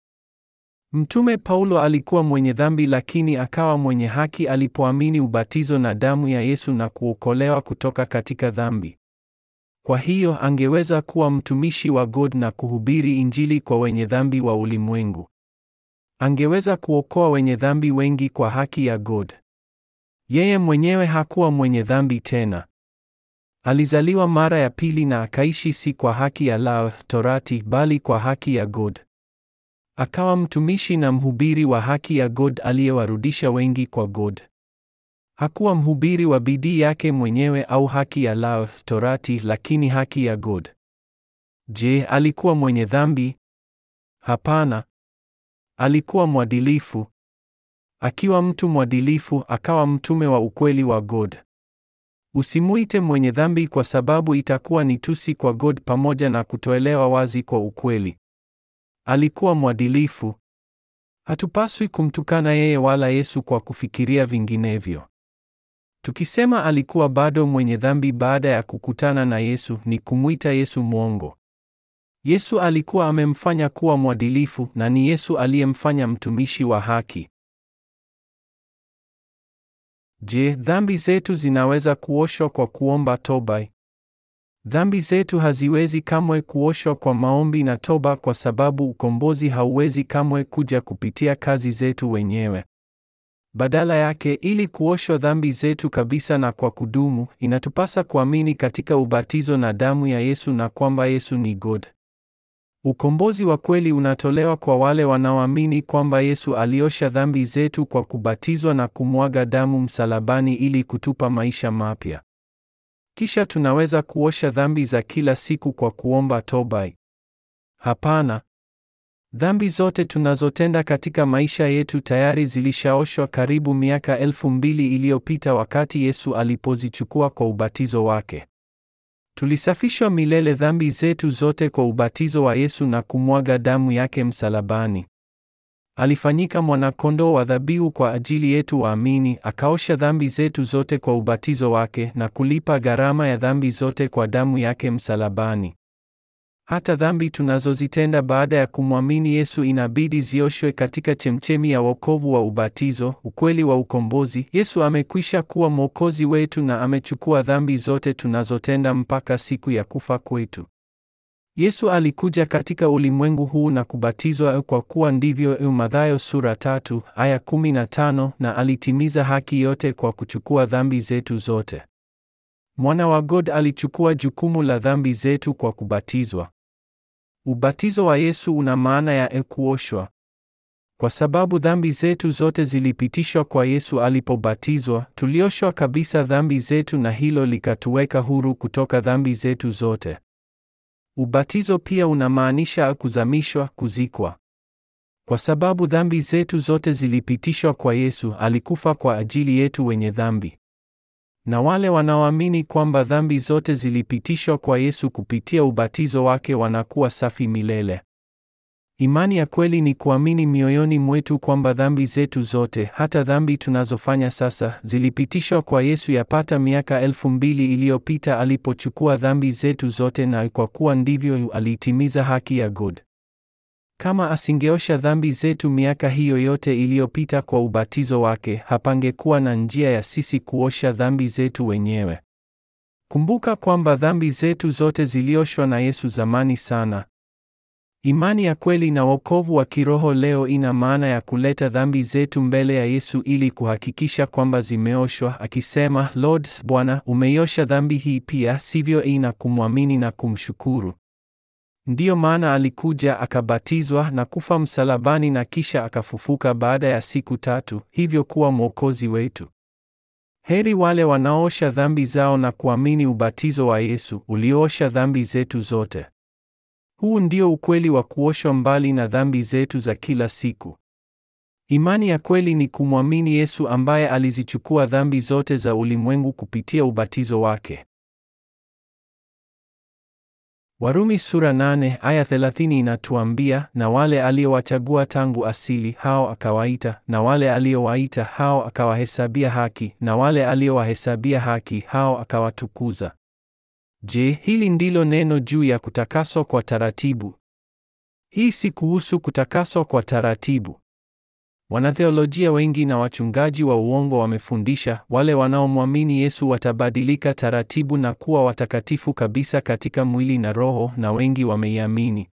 Mtume Paulo alikuwa mwenye dhambi lakini akawa mwenye haki alipoamini ubatizo na damu ya Yesu na kuokolewa kutoka katika dhambi. Kwa hiyo angeweza kuwa mtumishi wa God na kuhubiri Injili kwa wenye dhambi wa ulimwengu. Angeweza kuokoa wenye dhambi wengi kwa haki ya God. Yeye mwenyewe hakuwa mwenye dhambi tena. Alizaliwa mara ya pili na akaishi si kwa haki ya law torati, bali kwa haki ya God. Akawa mtumishi na mhubiri wa haki ya God aliyewarudisha wengi kwa God. Hakuwa mhubiri wa bidii yake mwenyewe au haki ya law torati, lakini haki ya God. Je, alikuwa mwenye dhambi? Hapana. Alikuwa mwadilifu akiwa mtu mwadilifu, akawa mtume wa ukweli wa God. Usimuite mwenye dhambi kwa sababu itakuwa ni tusi kwa God pamoja na kutoelewa wazi kwa ukweli. Alikuwa mwadilifu. Hatupaswi kumtukana yeye wala Yesu kwa kufikiria vinginevyo. Tukisema alikuwa bado mwenye dhambi baada ya kukutana na Yesu ni kumwita Yesu mwongo. Yesu alikuwa amemfanya kuwa mwadilifu na ni Yesu aliyemfanya mtumishi wa haki. Je, dhambi zetu zinaweza kuoshwa kwa kuomba toba? Dhambi zetu haziwezi kamwe kuoshwa kwa maombi na toba kwa sababu ukombozi hauwezi kamwe kuja kupitia kazi zetu wenyewe. Badala yake, ili kuoshwa dhambi zetu kabisa na kwa kudumu, inatupasa kuamini katika ubatizo na damu ya Yesu na kwamba Yesu ni God. Ukombozi wa kweli unatolewa kwa wale wanaoamini kwamba Yesu aliosha dhambi zetu kwa kubatizwa na kumwaga damu msalabani ili kutupa maisha mapya. Kisha tunaweza kuosha dhambi za kila siku kwa kuomba toba. Hapana. Dhambi zote tunazotenda katika maisha yetu tayari zilishaoshwa karibu miaka elfu mbili iliyopita wakati Yesu alipozichukua kwa ubatizo wake. Tulisafishwa milele dhambi zetu zote kwa ubatizo wa Yesu na kumwaga damu yake msalabani. Alifanyika mwanakondoo wa dhabihu kwa ajili yetu waamini, akaosha dhambi zetu zote kwa ubatizo wake na kulipa gharama ya dhambi zote kwa damu yake msalabani. Hata dhambi tunazozitenda baada ya kumwamini Yesu inabidi zioshwe katika chemchemi ya wokovu wa ubatizo, ukweli wa ukombozi. Yesu amekwisha kuwa mwokozi wetu na amechukua dhambi zote tunazotenda mpaka siku ya kufa kwetu. Yesu alikuja katika ulimwengu huu na kubatizwa kwa kuwa ndivyo, Mathayo sura tatu aya 15, na alitimiza haki yote kwa kuchukua dhambi zetu zote. Mwana wa God alichukua jukumu la dhambi zetu kwa kubatizwa. Ubatizo wa Yesu una maana ya kuoshwa. Kwa sababu dhambi zetu zote zilipitishwa kwa Yesu alipobatizwa, tulioshwa kabisa dhambi zetu na hilo likatuweka huru kutoka dhambi zetu zote. Ubatizo pia unamaanisha kuzamishwa, kuzikwa. Kwa sababu dhambi zetu zote zilipitishwa kwa Yesu, alikufa kwa ajili yetu wenye dhambi na wale wanaoamini kwamba dhambi zote zilipitishwa kwa Yesu kupitia ubatizo wake wanakuwa safi milele. Imani ya kweli ni kuamini mioyoni mwetu kwamba dhambi zetu zote, hata dhambi tunazofanya sasa, zilipitishwa kwa Yesu yapata miaka elfu mbili iliyopita alipochukua dhambi zetu zote, na kwa kuwa ndivyo, alitimiza haki ya God. Kama asingeosha dhambi zetu miaka hiyo yote iliyopita kwa ubatizo wake, hapangekuwa na njia ya sisi kuosha dhambi zetu wenyewe. Kumbuka kwamba dhambi zetu zote zilioshwa na Yesu zamani sana. Imani ya kweli na wokovu wa kiroho leo ina maana ya kuleta dhambi zetu mbele ya Yesu ili kuhakikisha kwamba zimeoshwa, akisema, Lord, Bwana, umeiosha dhambi hii pia, sivyo? Ina kumwamini na kumshukuru. Ndiyo maana alikuja akabatizwa na kufa msalabani na kisha akafufuka baada ya siku tatu, hivyo kuwa mwokozi wetu. Heri wale wanaosha dhambi zao na kuamini ubatizo wa Yesu ulioosha dhambi zetu zote. Huu ndio ukweli wa kuoshwa mbali na dhambi zetu za kila siku. Imani ya kweli ni kumwamini Yesu ambaye alizichukua dhambi zote za ulimwengu kupitia ubatizo wake. Warumi sura nane aya thelathini inatuambia, na wale aliowachagua tangu asili hao akawaita, na wale aliowaita hao akawahesabia haki, na wale aliowahesabia haki hao akawatukuza. Je, hili ndilo neno juu ya kutakaswa kwa taratibu? Hii si kuhusu kutakaswa kwa taratibu. Wanatheolojia wengi na wachungaji wa uongo wamefundisha wale wanaomwamini Yesu watabadilika taratibu na kuwa watakatifu kabisa katika mwili na roho, na wengi wameiamini.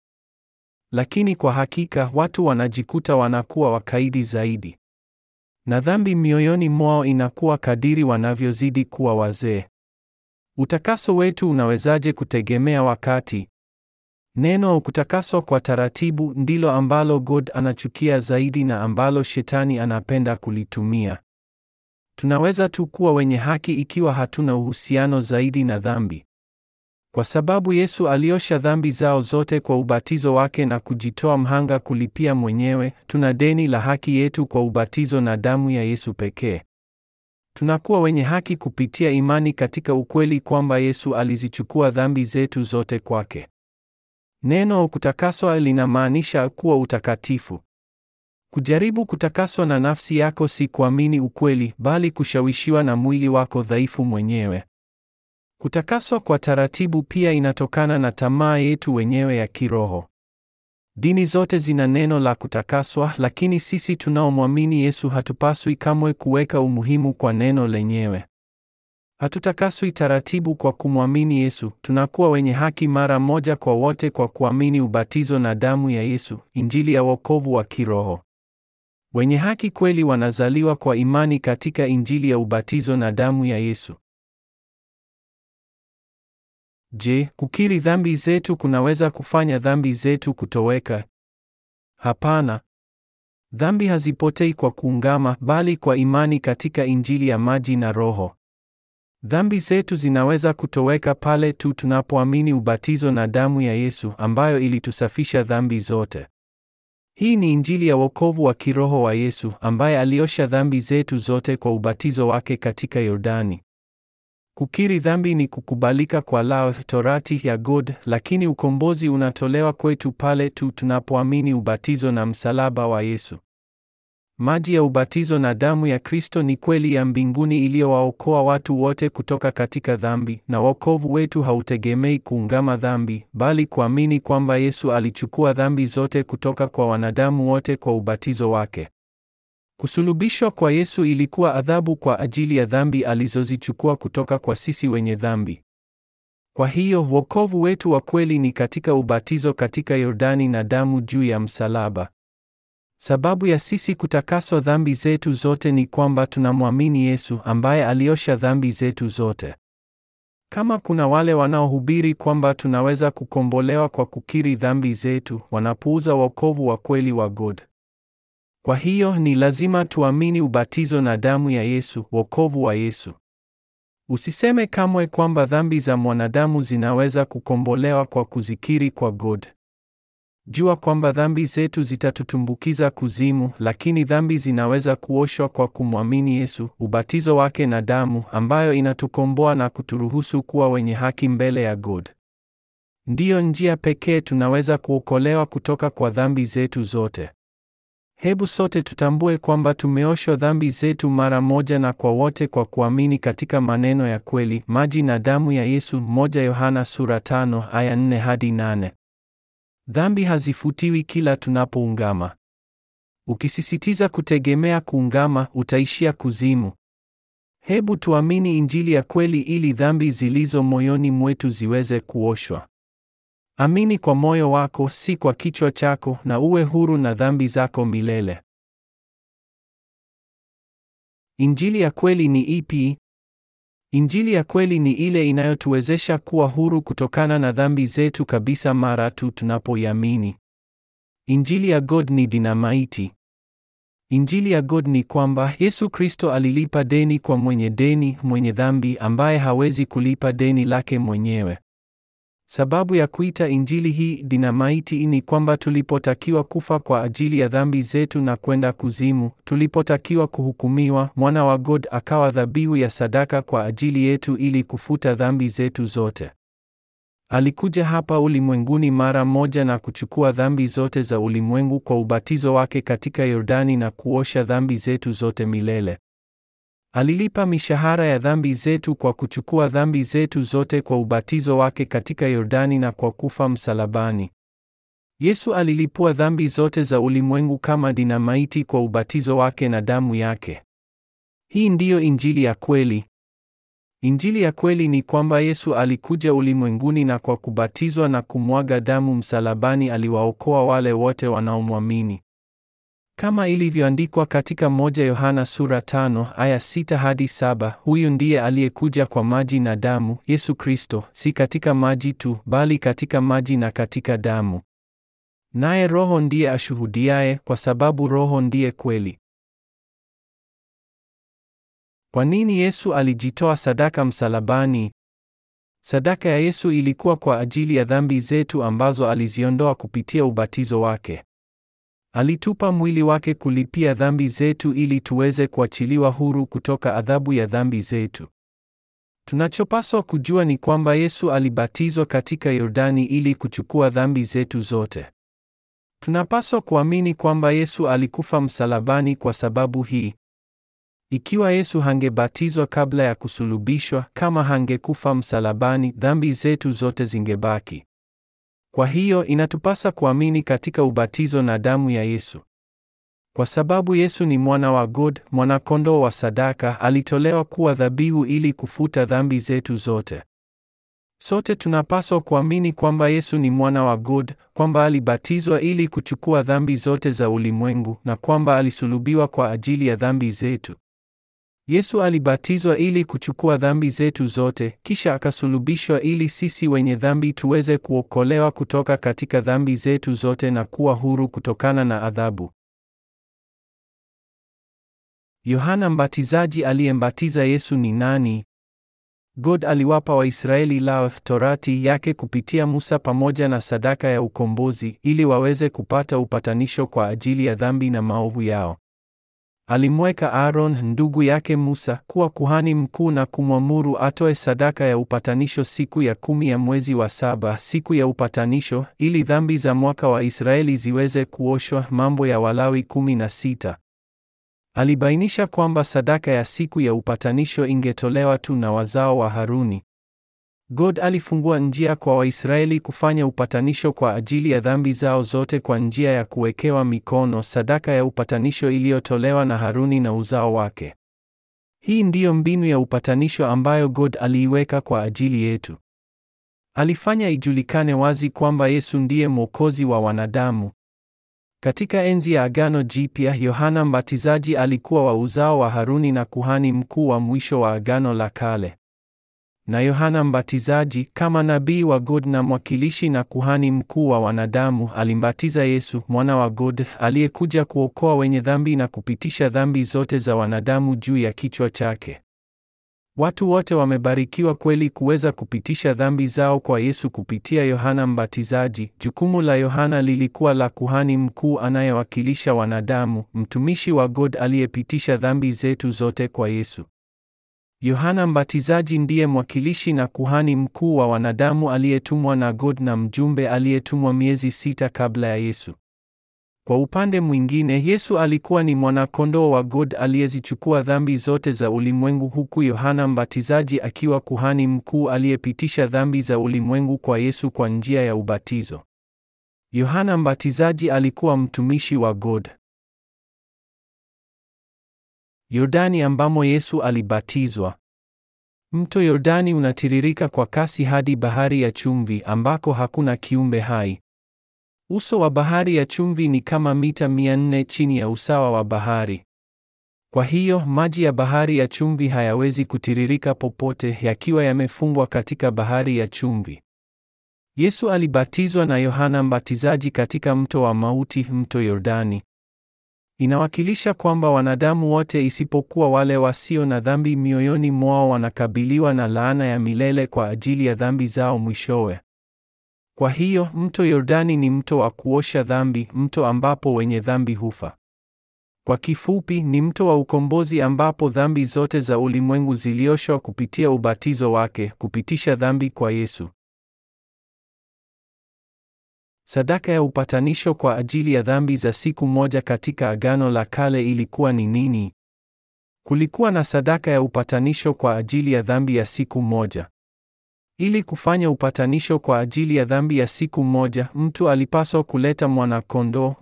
Lakini kwa hakika watu wanajikuta wanakuwa wakaidi zaidi, na dhambi mioyoni mwao inakuwa kadiri wanavyozidi kuwa wazee. Utakaso wetu unawezaje kutegemea wakati? Neno kutakaswa kwa taratibu ndilo ambalo God anachukia zaidi na ambalo shetani anapenda kulitumia. Tunaweza tu kuwa wenye haki ikiwa hatuna uhusiano zaidi na dhambi. Kwa sababu Yesu aliosha dhambi zao zote kwa ubatizo wake na kujitoa mhanga kulipia mwenyewe, tuna deni la haki yetu kwa ubatizo na damu ya Yesu pekee. Tunakuwa wenye haki kupitia imani katika ukweli kwamba Yesu alizichukua dhambi zetu zote kwake. Neno kutakaswa linamaanisha kuwa utakatifu. Kujaribu kutakaswa na nafsi yako si kuamini ukweli, bali kushawishiwa na mwili wako dhaifu mwenyewe. Kutakaswa kwa taratibu pia inatokana na tamaa yetu wenyewe ya kiroho. Dini zote zina neno la kutakaswa, lakini sisi tunaomwamini Yesu hatupaswi kamwe kuweka umuhimu kwa neno lenyewe. Hatutakaswi taratibu kwa kumwamini Yesu, tunakuwa wenye haki mara moja kwa wote kwa kuamini ubatizo na damu ya Yesu, injili ya wokovu wa kiroho. Wenye haki kweli wanazaliwa kwa imani katika injili ya ubatizo na damu ya Yesu. Je, kukiri dhambi zetu kunaweza kufanya dhambi zetu kutoweka? Hapana. Dhambi hazipotei kwa kuungama, bali kwa imani katika injili ya maji na Roho. Dhambi zetu zinaweza kutoweka pale tu tunapoamini ubatizo na damu ya Yesu ambayo ilitusafisha dhambi zote. Hii ni injili ya wokovu wa kiroho wa Yesu ambaye aliosha dhambi zetu zote kwa ubatizo wake katika Yordani. Kukiri dhambi ni kukubalika kwa law torati ya God, lakini ukombozi unatolewa kwetu pale tu tunapoamini ubatizo na msalaba wa Yesu. Maji ya ubatizo na damu ya Kristo ni kweli ya mbinguni iliyowaokoa watu wote kutoka katika dhambi, na wokovu wetu hautegemei kuungama dhambi, bali kuamini kwamba Yesu alichukua dhambi zote kutoka kwa wanadamu wote kwa ubatizo wake. Kusulubishwa kwa Yesu ilikuwa adhabu kwa ajili ya dhambi alizozichukua kutoka kwa sisi wenye dhambi. Kwa hiyo wokovu wetu wa kweli ni katika ubatizo katika Yordani na damu juu ya msalaba. Sababu ya sisi kutakaswa dhambi zetu zote ni kwamba tunamwamini Yesu ambaye aliosha dhambi zetu zote. Kama kuna wale wanaohubiri kwamba tunaweza kukombolewa kwa kukiri dhambi zetu, wanapuuza wokovu wa kweli wa God. Kwa hiyo ni lazima tuamini ubatizo na damu ya Yesu, wokovu wa Yesu. Usiseme kamwe kwamba dhambi za mwanadamu zinaweza kukombolewa kwa kuzikiri kwa God. Jua kwamba dhambi zetu zitatutumbukiza kuzimu, lakini dhambi zinaweza kuoshwa kwa kumwamini Yesu, ubatizo wake na damu ambayo inatukomboa na kuturuhusu kuwa wenye haki mbele ya God. Ndiyo njia pekee tunaweza kuokolewa kutoka kwa dhambi zetu zote. Hebu sote tutambue kwamba tumeoshwa dhambi zetu mara moja na kwa wote kwa kuamini katika maneno ya kweli, maji na damu ya Yesu, 1 Yohana sura 5 aya 4 hadi 8. Dhambi hazifutiwi kila tunapoungama. Ukisisitiza kutegemea kuungama, utaishia kuzimu. Hebu tuamini Injili ya kweli ili dhambi zilizo moyoni mwetu ziweze kuoshwa. Amini kwa moyo wako, si kwa kichwa chako, na uwe huru na dhambi zako milele. Injili ya kweli ni ipi? Injili ya kweli ni ile inayotuwezesha kuwa huru kutokana na dhambi zetu kabisa mara tu tunapoiamini. Injili ya God ni dinamaiti. Injili ya God ni kwamba Yesu Kristo alilipa deni kwa mwenye deni, mwenye dhambi ambaye hawezi kulipa deni lake mwenyewe. Sababu ya kuita injili hii dinamaiti ni kwamba tulipotakiwa kufa kwa ajili ya dhambi zetu na kwenda kuzimu, tulipotakiwa kuhukumiwa, mwana wa God akawa dhabihu ya sadaka kwa ajili yetu ili kufuta dhambi zetu zote. Alikuja hapa ulimwenguni mara moja na kuchukua dhambi zote za ulimwengu kwa ubatizo wake katika Yordani na kuosha dhambi zetu zote milele. Alilipa mishahara ya dhambi zetu kwa kuchukua dhambi zetu zote kwa ubatizo wake katika Yordani na kwa kufa msalabani. Yesu alilipua dhambi zote za ulimwengu kama dinamaiti kwa ubatizo wake na damu yake. Hii ndiyo Injili ya kweli. Injili ya kweli ni kwamba Yesu alikuja ulimwenguni na kwa kubatizwa na kumwaga damu msalabani aliwaokoa wale wote wanaomwamini. Kama ilivyoandikwa katika moja Yohana sura tano aya sita hadi saba, huyu ndiye aliyekuja kwa maji na damu, Yesu Kristo, si katika maji tu, bali katika maji na katika damu. Naye Roho ndiye ashuhudiaye, kwa sababu Roho ndiye kweli. Kwa nini Yesu alijitoa sadaka msalabani? Sadaka ya Yesu ilikuwa kwa ajili ya dhambi zetu ambazo aliziondoa kupitia ubatizo wake. Alitupa mwili wake kulipia dhambi zetu ili tuweze kuachiliwa huru kutoka adhabu ya dhambi zetu. Tunachopaswa kujua ni kwamba Yesu alibatizwa katika Yordani ili kuchukua dhambi zetu zote. Tunapaswa kuamini kwamba Yesu alikufa msalabani kwa sababu hii. Ikiwa Yesu hangebatizwa kabla ya kusulubishwa, kama hangekufa msalabani, dhambi zetu zote zingebaki. Kwa hiyo inatupasa kuamini katika ubatizo na damu ya Yesu. Kwa sababu Yesu ni mwana wa God, mwanakondoo wa sadaka, alitolewa kuwa dhabihu ili kufuta dhambi zetu zote. Sote tunapaswa kuamini kwamba Yesu ni mwana wa God, kwamba alibatizwa ili kuchukua dhambi zote za ulimwengu na kwamba alisulubiwa kwa ajili ya dhambi zetu. Yesu alibatizwa ili kuchukua dhambi zetu zote, kisha akasulubishwa ili sisi wenye dhambi tuweze kuokolewa kutoka katika dhambi zetu zote na kuwa huru kutokana na adhabu. Yohana Mbatizaji aliyembatiza Yesu ni nani? God aliwapa Waisraeli lao Torati yake kupitia Musa pamoja na sadaka ya ukombozi ili waweze kupata upatanisho kwa ajili ya dhambi na maovu yao alimweka Aaron ndugu yake Musa kuwa kuhani mkuu na kumwamuru atoe sadaka ya upatanisho siku ya kumi ya mwezi wa saba, siku ya upatanisho, ili dhambi za mwaka wa Israeli ziweze kuoshwa. Mambo ya Walawi 16. Alibainisha kwamba sadaka ya siku ya upatanisho ingetolewa tu na wazao wa Haruni. God alifungua njia kwa Waisraeli kufanya upatanisho kwa ajili ya dhambi zao zote kwa njia ya kuwekewa mikono, sadaka ya upatanisho iliyotolewa na Haruni na uzao wake. Hii ndiyo mbinu ya upatanisho ambayo God aliiweka kwa ajili yetu. Alifanya ijulikane wazi kwamba Yesu ndiye Mwokozi wa wanadamu. Katika enzi ya Agano Jipya, Yohana Mbatizaji alikuwa wa uzao wa Haruni na kuhani mkuu wa mwisho wa Agano la Kale na Yohana Mbatizaji kama nabii wa God na mwakilishi na kuhani mkuu wa wanadamu alimbatiza Yesu mwana wa God aliyekuja kuokoa wenye dhambi na kupitisha dhambi zote za wanadamu juu ya kichwa chake. Watu wote wamebarikiwa kweli kuweza kupitisha dhambi zao kwa Yesu kupitia Yohana Mbatizaji. Jukumu la Yohana lilikuwa la kuhani mkuu anayewakilisha wanadamu, mtumishi wa God aliyepitisha dhambi zetu zote kwa Yesu. Yohana Mbatizaji ndiye mwakilishi na kuhani mkuu wa wanadamu aliyetumwa na God na mjumbe aliyetumwa miezi sita kabla ya Yesu. Kwa upande mwingine, Yesu alikuwa ni mwanakondoo wa God aliyezichukua dhambi zote za ulimwengu huku Yohana Mbatizaji akiwa kuhani mkuu aliyepitisha dhambi za ulimwengu kwa Yesu kwa njia ya ubatizo. Yohana Mbatizaji alikuwa mtumishi wa God. Yordani ambamo Yesu alibatizwa. Mto Yordani unatiririka kwa kasi hadi bahari ya chumvi ambako hakuna kiumbe hai. Uso wa bahari ya chumvi ni kama mita 400 chini ya usawa wa bahari. Kwa hiyo maji ya bahari ya chumvi hayawezi kutiririka popote yakiwa yamefungwa katika bahari ya chumvi. Yesu alibatizwa na Yohana Mbatizaji katika mto wa mauti, mto Yordani. Inawakilisha kwamba wanadamu wote isipokuwa wale wasio na dhambi mioyoni mwao wanakabiliwa na laana ya milele kwa ajili ya dhambi zao mwishowe. Kwa hiyo, mto Yordani ni mto wa kuosha dhambi, mto ambapo wenye dhambi hufa. Kwa kifupi, ni mto wa ukombozi ambapo dhambi zote za ulimwengu zilioshwa kupitia ubatizo wake, kupitisha dhambi kwa Yesu. Sadaka ya upatanisho kwa ajili ya dhambi za siku moja katika Agano la Kale ilikuwa ni nini? Kulikuwa na sadaka ya upatanisho kwa ajili ya dhambi ya siku moja. Ili kufanya upatanisho kwa ajili ya dhambi ya siku moja, mtu alipaswa kuleta mwana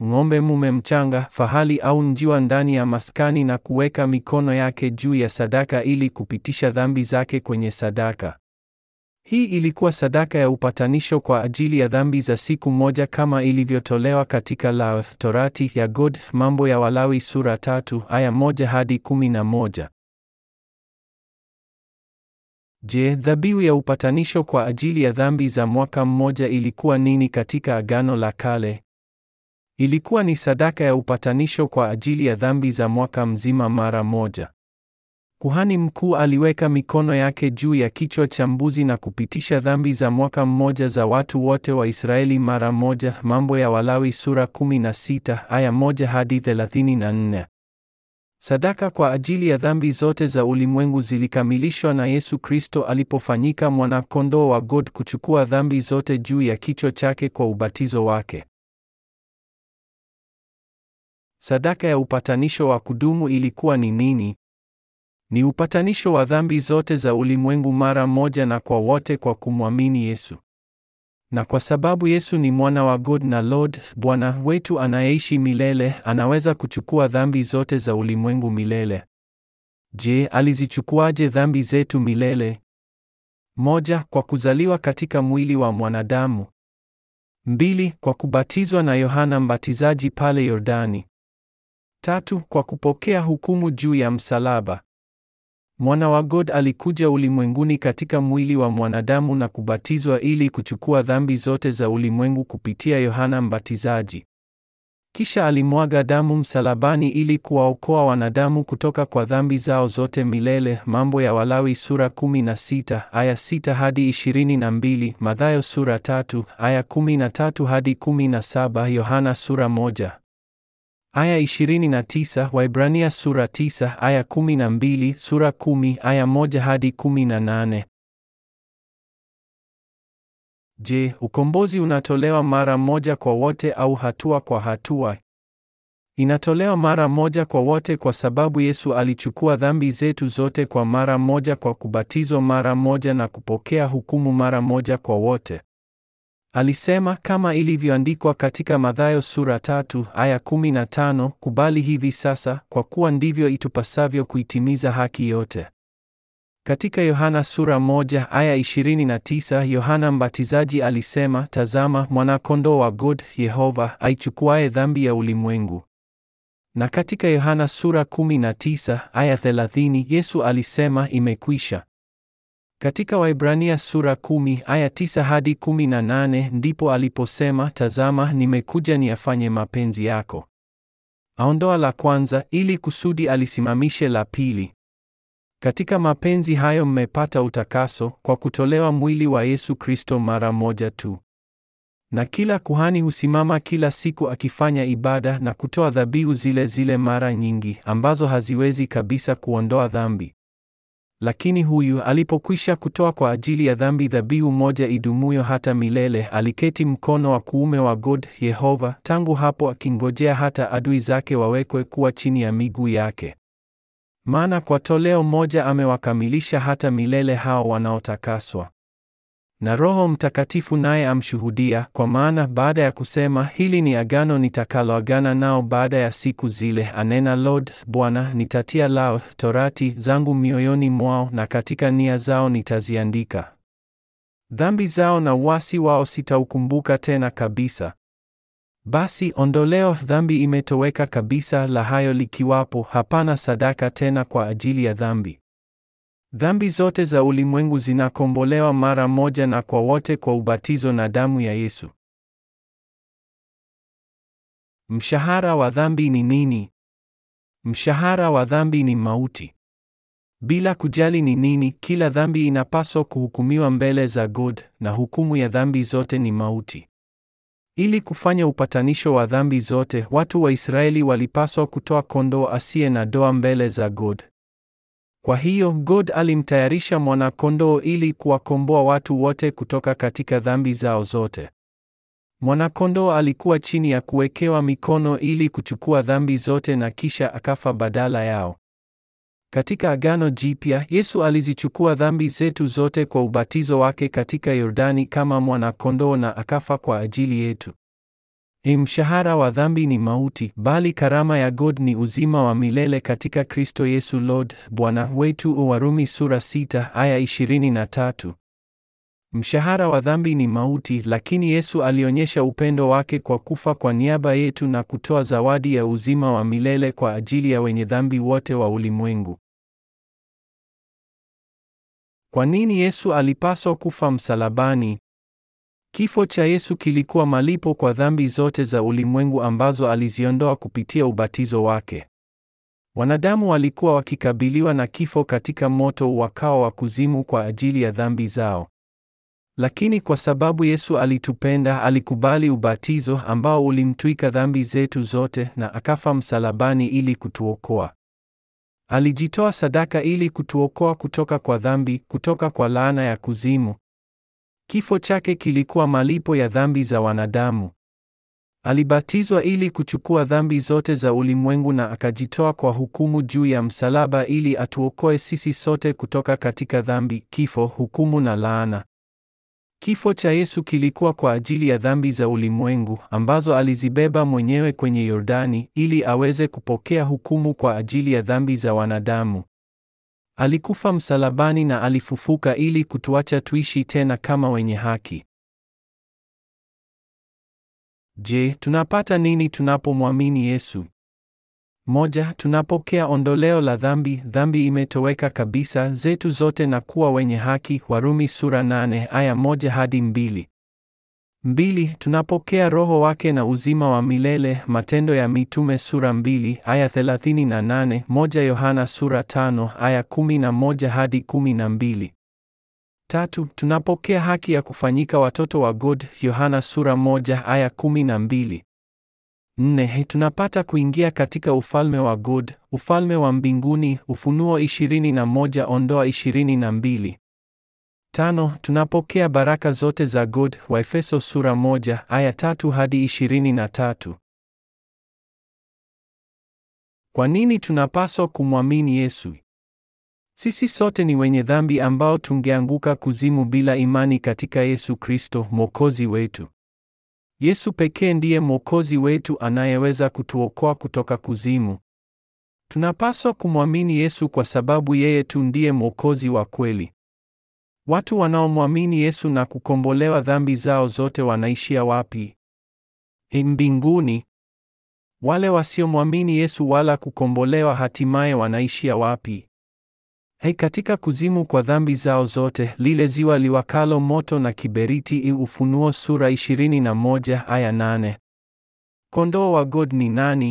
ng'ombe mume mchanga, fahali au njiwa ndani ya maskani na kuweka mikono yake juu ya sadaka ili kupitisha dhambi zake kwenye sadaka. Hii ilikuwa sadaka ya upatanisho kwa ajili ya dhambi za siku moja kama ilivyotolewa katika la Torati ya God, Mambo ya Walawi sura tatu aya moja hadi kumi na moja. Je, dhabihu ya upatanisho kwa ajili ya dhambi za mwaka mmoja ilikuwa nini katika Agano la Kale? Ilikuwa ni sadaka ya upatanisho kwa ajili ya dhambi za mwaka mzima mara moja. Kuhani mkuu aliweka mikono yake juu ya kichwa cha mbuzi na kupitisha dhambi za mwaka mmoja za watu wote wa Israeli mara moja. Mambo ya Walawi sura 16 aya moja hadi 34. Sadaka kwa ajili ya dhambi zote za ulimwengu zilikamilishwa na Yesu Kristo alipofanyika mwana-kondoo wa God kuchukua dhambi zote juu ya kichwa chake kwa ubatizo wake. Sadaka ya upatanisho wa kudumu ilikuwa ni nini? ni upatanisho wa dhambi zote za ulimwengu mara moja na kwa wote kwa kumwamini Yesu. Na kwa sababu Yesu ni mwana wa God na Lord, Bwana wetu anayeishi milele, anaweza kuchukua dhambi zote za ulimwengu milele. Je, alizichukuaje dhambi zetu milele? Moja, kwa kuzaliwa katika mwili wa mwanadamu. Mbili, kwa kubatizwa na Yohana Mbatizaji pale Yordani. Tatu, kwa kupokea hukumu juu ya msalaba. Mwana wa God alikuja ulimwenguni katika mwili wa mwanadamu na kubatizwa ili kuchukua dhambi zote za ulimwengu kupitia Yohana Mbatizaji. Kisha alimwaga damu msalabani ili kuwaokoa wanadamu kutoka kwa dhambi zao zote milele. Mambo ya Walawi sura 16 aya 6 hadi 22, Mathayo sura 3 aya 13 hadi 17, Yohana sura 1 Aya 29, Waibrania sura 9, aya 12, sura 10, aya 1 hadi 18. Je, ukombozi unatolewa mara moja kwa wote au hatua kwa hatua? Inatolewa mara moja kwa wote kwa sababu Yesu alichukua dhambi zetu zote kwa mara moja kwa kubatizwa mara moja na kupokea hukumu mara moja kwa wote. Alisema kama ilivyoandikwa katika Mathayo sura tatu aya 15, kubali hivi sasa, kwa kuwa ndivyo itupasavyo kuitimiza haki yote. Katika Yohana sura moja aya 29, Yohana Mbatizaji alisema, tazama mwanakondoo wa God Yehova aichukuaye dhambi ya ulimwengu. Na katika Yohana sura tisa aya thelathini Yesu alisema imekwisha. Katika Waibrania sura kumi aya tisa hadi kumi na nane ndipo aliposema, tazama, nimekuja niyafanye mapenzi yako. Aondoa la kwanza ili kusudi alisimamishe la pili. Katika mapenzi hayo mmepata utakaso kwa kutolewa mwili wa Yesu Kristo mara moja tu. Na kila kuhani husimama kila siku akifanya ibada na kutoa dhabihu zile zile mara nyingi ambazo haziwezi kabisa kuondoa dhambi. Lakini huyu alipokwisha kutoa kwa ajili ya dhambi dhabihu moja idumuyo hata milele, aliketi mkono wa kuume wa God Yehova, tangu hapo akingojea hata adui zake wawekwe kuwa chini ya miguu yake. Maana kwa toleo moja amewakamilisha hata milele hao wanaotakaswa na Roho Mtakatifu naye amshuhudia, kwa maana baada ya kusema hili ni agano nitakaloagana nao baada ya siku zile, anena Lord Bwana, nitatia lao torati zangu mioyoni mwao, na katika nia zao nitaziandika. Dhambi zao na uasi wao sitaukumbuka tena kabisa. Basi ondoleo dhambi imetoweka kabisa, la hayo likiwapo, hapana sadaka tena kwa ajili ya dhambi. Dhambi zote za ulimwengu zinakombolewa mara moja na kwa wote kwa ubatizo na damu ya Yesu. Mshahara wa dhambi ni nini? Mshahara wa dhambi ni mauti. Bila kujali ni nini, kila dhambi inapaswa kuhukumiwa mbele za God na hukumu ya dhambi zote ni mauti. Ili kufanya upatanisho wa dhambi zote, watu wa Israeli walipaswa kutoa kondoo asiye na doa mbele za God kwa hiyo God alimtayarisha mwanakondoo ili kuwakomboa watu wote kutoka katika dhambi zao zote. Mwanakondoo alikuwa chini ya kuwekewa mikono ili kuchukua dhambi zote na kisha akafa badala yao. Katika Agano Jipya, Yesu alizichukua dhambi zetu zote kwa ubatizo wake katika Yordani kama mwanakondoo na akafa kwa ajili yetu. Ni mshahara wa dhambi ni mauti, bali karama ya God ni uzima wa milele katika Kristo Yesu Lord Bwana wetu. Warumi sura 6 aya 23. Mshahara wa dhambi ni mauti, lakini Yesu alionyesha upendo wake kwa kufa kwa niaba yetu na kutoa zawadi ya uzima wa milele kwa ajili ya wenye dhambi wote wa ulimwengu. Kwa nini Yesu alipaswa kufa msalabani? Kifo cha Yesu kilikuwa malipo kwa dhambi zote za ulimwengu ambazo aliziondoa kupitia ubatizo wake. Wanadamu walikuwa wakikabiliwa na kifo katika moto wakao wa kuzimu kwa ajili ya dhambi zao. Lakini kwa sababu Yesu alitupenda, alikubali ubatizo ambao ulimtwika dhambi zetu zote na akafa msalabani ili kutuokoa. Alijitoa sadaka ili kutuokoa kutoka kwa dhambi, kutoka kwa laana ya kuzimu Kifo chake kilikuwa malipo ya dhambi za wanadamu. Alibatizwa ili kuchukua dhambi zote za ulimwengu na akajitoa kwa hukumu juu ya msalaba ili atuokoe sisi sote kutoka katika dhambi, kifo, hukumu na laana. Kifo cha Yesu kilikuwa kwa ajili ya dhambi za ulimwengu ambazo alizibeba mwenyewe kwenye Yordani ili aweze kupokea hukumu kwa ajili ya dhambi za wanadamu. Alikufa msalabani na alifufuka ili kutuacha tuishi tena kama wenye haki. Je, tunapata nini tunapomwamini Yesu? Moja, tunapokea ondoleo la dhambi, dhambi imetoweka kabisa zetu zote na kuwa wenye haki, Warumi sura nane aya moja hadi mbili mbili tunapokea Roho wake na uzima wa milele. Matendo ya Mitume sura mbili aya 38, moja Yohana sura tano aya 11 hadi 12. Tatu, tunapokea haki ya kufanyika watoto wa God Yohana sura moja aya 12. Nne, tunapata kuingia katika ufalme wa God, ufalme wa mbinguni Ufunuo 21 ondoa 22. Tano, tunapokea baraka zote za God, Waefeso sura moja aya tatu hadi ishirini na tatu. Kwa nini tunapaswa kumwamini Yesu? Sisi sote ni wenye dhambi ambao tungeanguka kuzimu bila imani katika Yesu Kristo Mwokozi wetu. Yesu pekee ndiye Mwokozi wetu anayeweza kutuokoa kutoka kuzimu. Tunapaswa kumwamini Yesu kwa sababu yeye tu ndiye Mwokozi wa kweli. Watu wanaomwamini Yesu na kukombolewa dhambi zao zote wanaishia wapi? E, mbinguni. Wale wasiomwamini Yesu wala kukombolewa hatimaye wanaishia wapi? Hei, katika kuzimu kwa dhambi zao zote, lile ziwa liwakalo moto na kiberiti. I e, Ufunuo sura 21 aya 8. Kondoo wa God ni nani?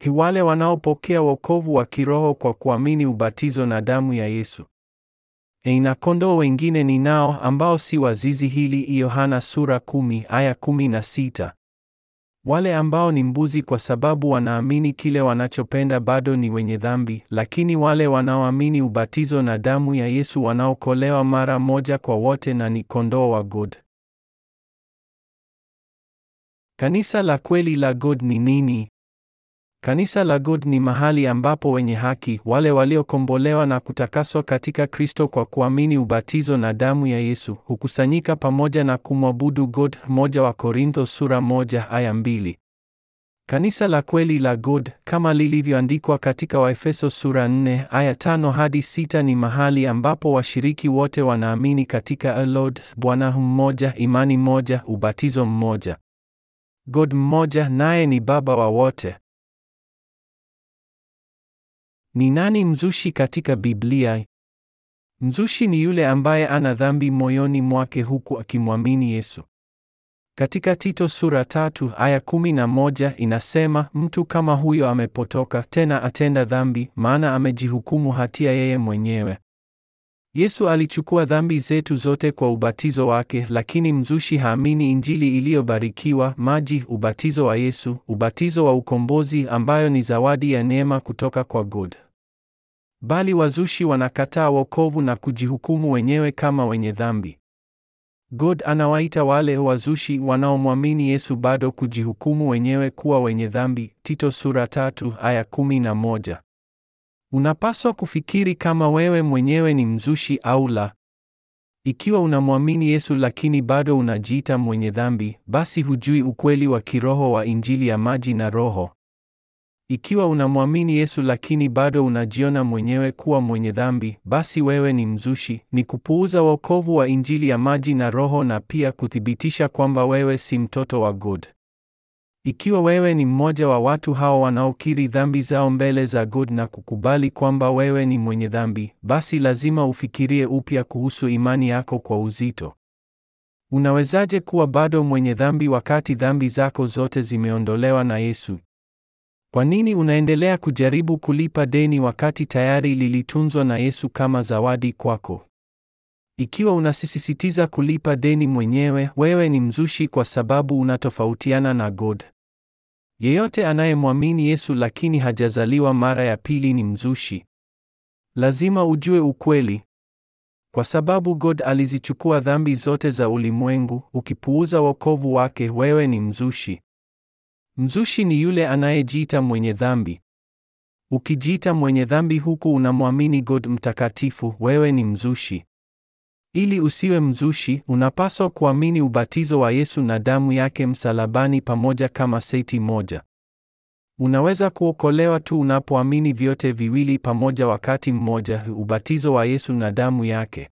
Hi, e, wale wanaopokea wokovu wa kiroho kwa kuamini ubatizo na damu ya Yesu ina kondoo wengine nao ambao si wa zizi hili, Yohana sura kumi aya kumi na sita. Wale ambao ni mbuzi kwa sababu wanaamini kile wanachopenda bado ni wenye dhambi, lakini wale wanaoamini ubatizo na damu ya Yesu wanaokolewa mara moja kwa wote na ni kondoo wa God. Kanisa la kweli la God ni nini? Kanisa la God ni mahali ambapo wenye haki, wale waliokombolewa na kutakaswa katika Kristo kwa kuamini ubatizo na damu ya Yesu, hukusanyika pamoja na kumwabudu God. Moja wa Korintho sura moja aya mbili. Kanisa la kweli la God kama lilivyoandikwa katika Waefeso sura 4 aya 5 hadi 6 ni mahali ambapo washiriki wote wanaamini katika a Lord, Bwana mmoja, imani moja, ubatizo mmoja, God mmoja, naye ni Baba wa wote. Ni nani mzushi katika Biblia? Mzushi ni yule ambaye ana dhambi moyoni mwake huku akimwamini Yesu. Katika Tito sura tatu aya kumi na moja inasema, mtu kama huyo amepotoka tena atenda dhambi, maana amejihukumu hatia yeye mwenyewe. Yesu alichukua dhambi zetu zote kwa ubatizo wake, lakini mzushi haamini injili iliyobarikiwa, maji, ubatizo wa Yesu, ubatizo wa ukombozi ambayo ni zawadi ya neema kutoka kwa God. Bali wazushi wanakataa wokovu na kujihukumu wenyewe kama wenye dhambi. God anawaita wale wazushi wanaomwamini Yesu bado kujihukumu wenyewe kuwa wenye dhambi, Tito sura tatu aya kumi na moja. Unapaswa kufikiri kama wewe mwenyewe ni mzushi au la. Ikiwa unamwamini Yesu lakini bado unajiita mwenye dhambi, basi hujui ukweli wa kiroho wa Injili ya maji na Roho. Ikiwa unamwamini Yesu lakini bado unajiona mwenyewe kuwa mwenye dhambi, basi wewe ni mzushi, ni kupuuza wokovu wa Injili ya maji na Roho na pia kuthibitisha kwamba wewe si mtoto wa God. Ikiwa wewe ni mmoja wa watu hao wanaokiri dhambi zao mbele za God na kukubali kwamba wewe ni mwenye dhambi, basi lazima ufikirie upya kuhusu imani yako kwa uzito. Unawezaje kuwa bado mwenye dhambi wakati dhambi zako zote zimeondolewa na Yesu? Kwa nini unaendelea kujaribu kulipa deni wakati tayari lilitunzwa na Yesu kama zawadi kwako? Ikiwa unasisitiza kulipa deni mwenyewe, wewe ni mzushi kwa sababu unatofautiana na God. Yeyote anayemwamini Yesu lakini hajazaliwa mara ya pili ni mzushi. Lazima ujue ukweli. Kwa sababu God alizichukua dhambi zote za ulimwengu, ukipuuza wokovu wake, wewe ni mzushi. Mzushi ni yule anayejiita mwenye dhambi. Ukijiita mwenye dhambi huku unamwamini God mtakatifu, wewe ni mzushi. Ili usiwe mzushi, unapaswa kuamini ubatizo wa Yesu na damu yake msalabani pamoja kama seti moja. Unaweza kuokolewa tu unapoamini vyote viwili pamoja wakati mmoja, ubatizo wa Yesu na damu yake.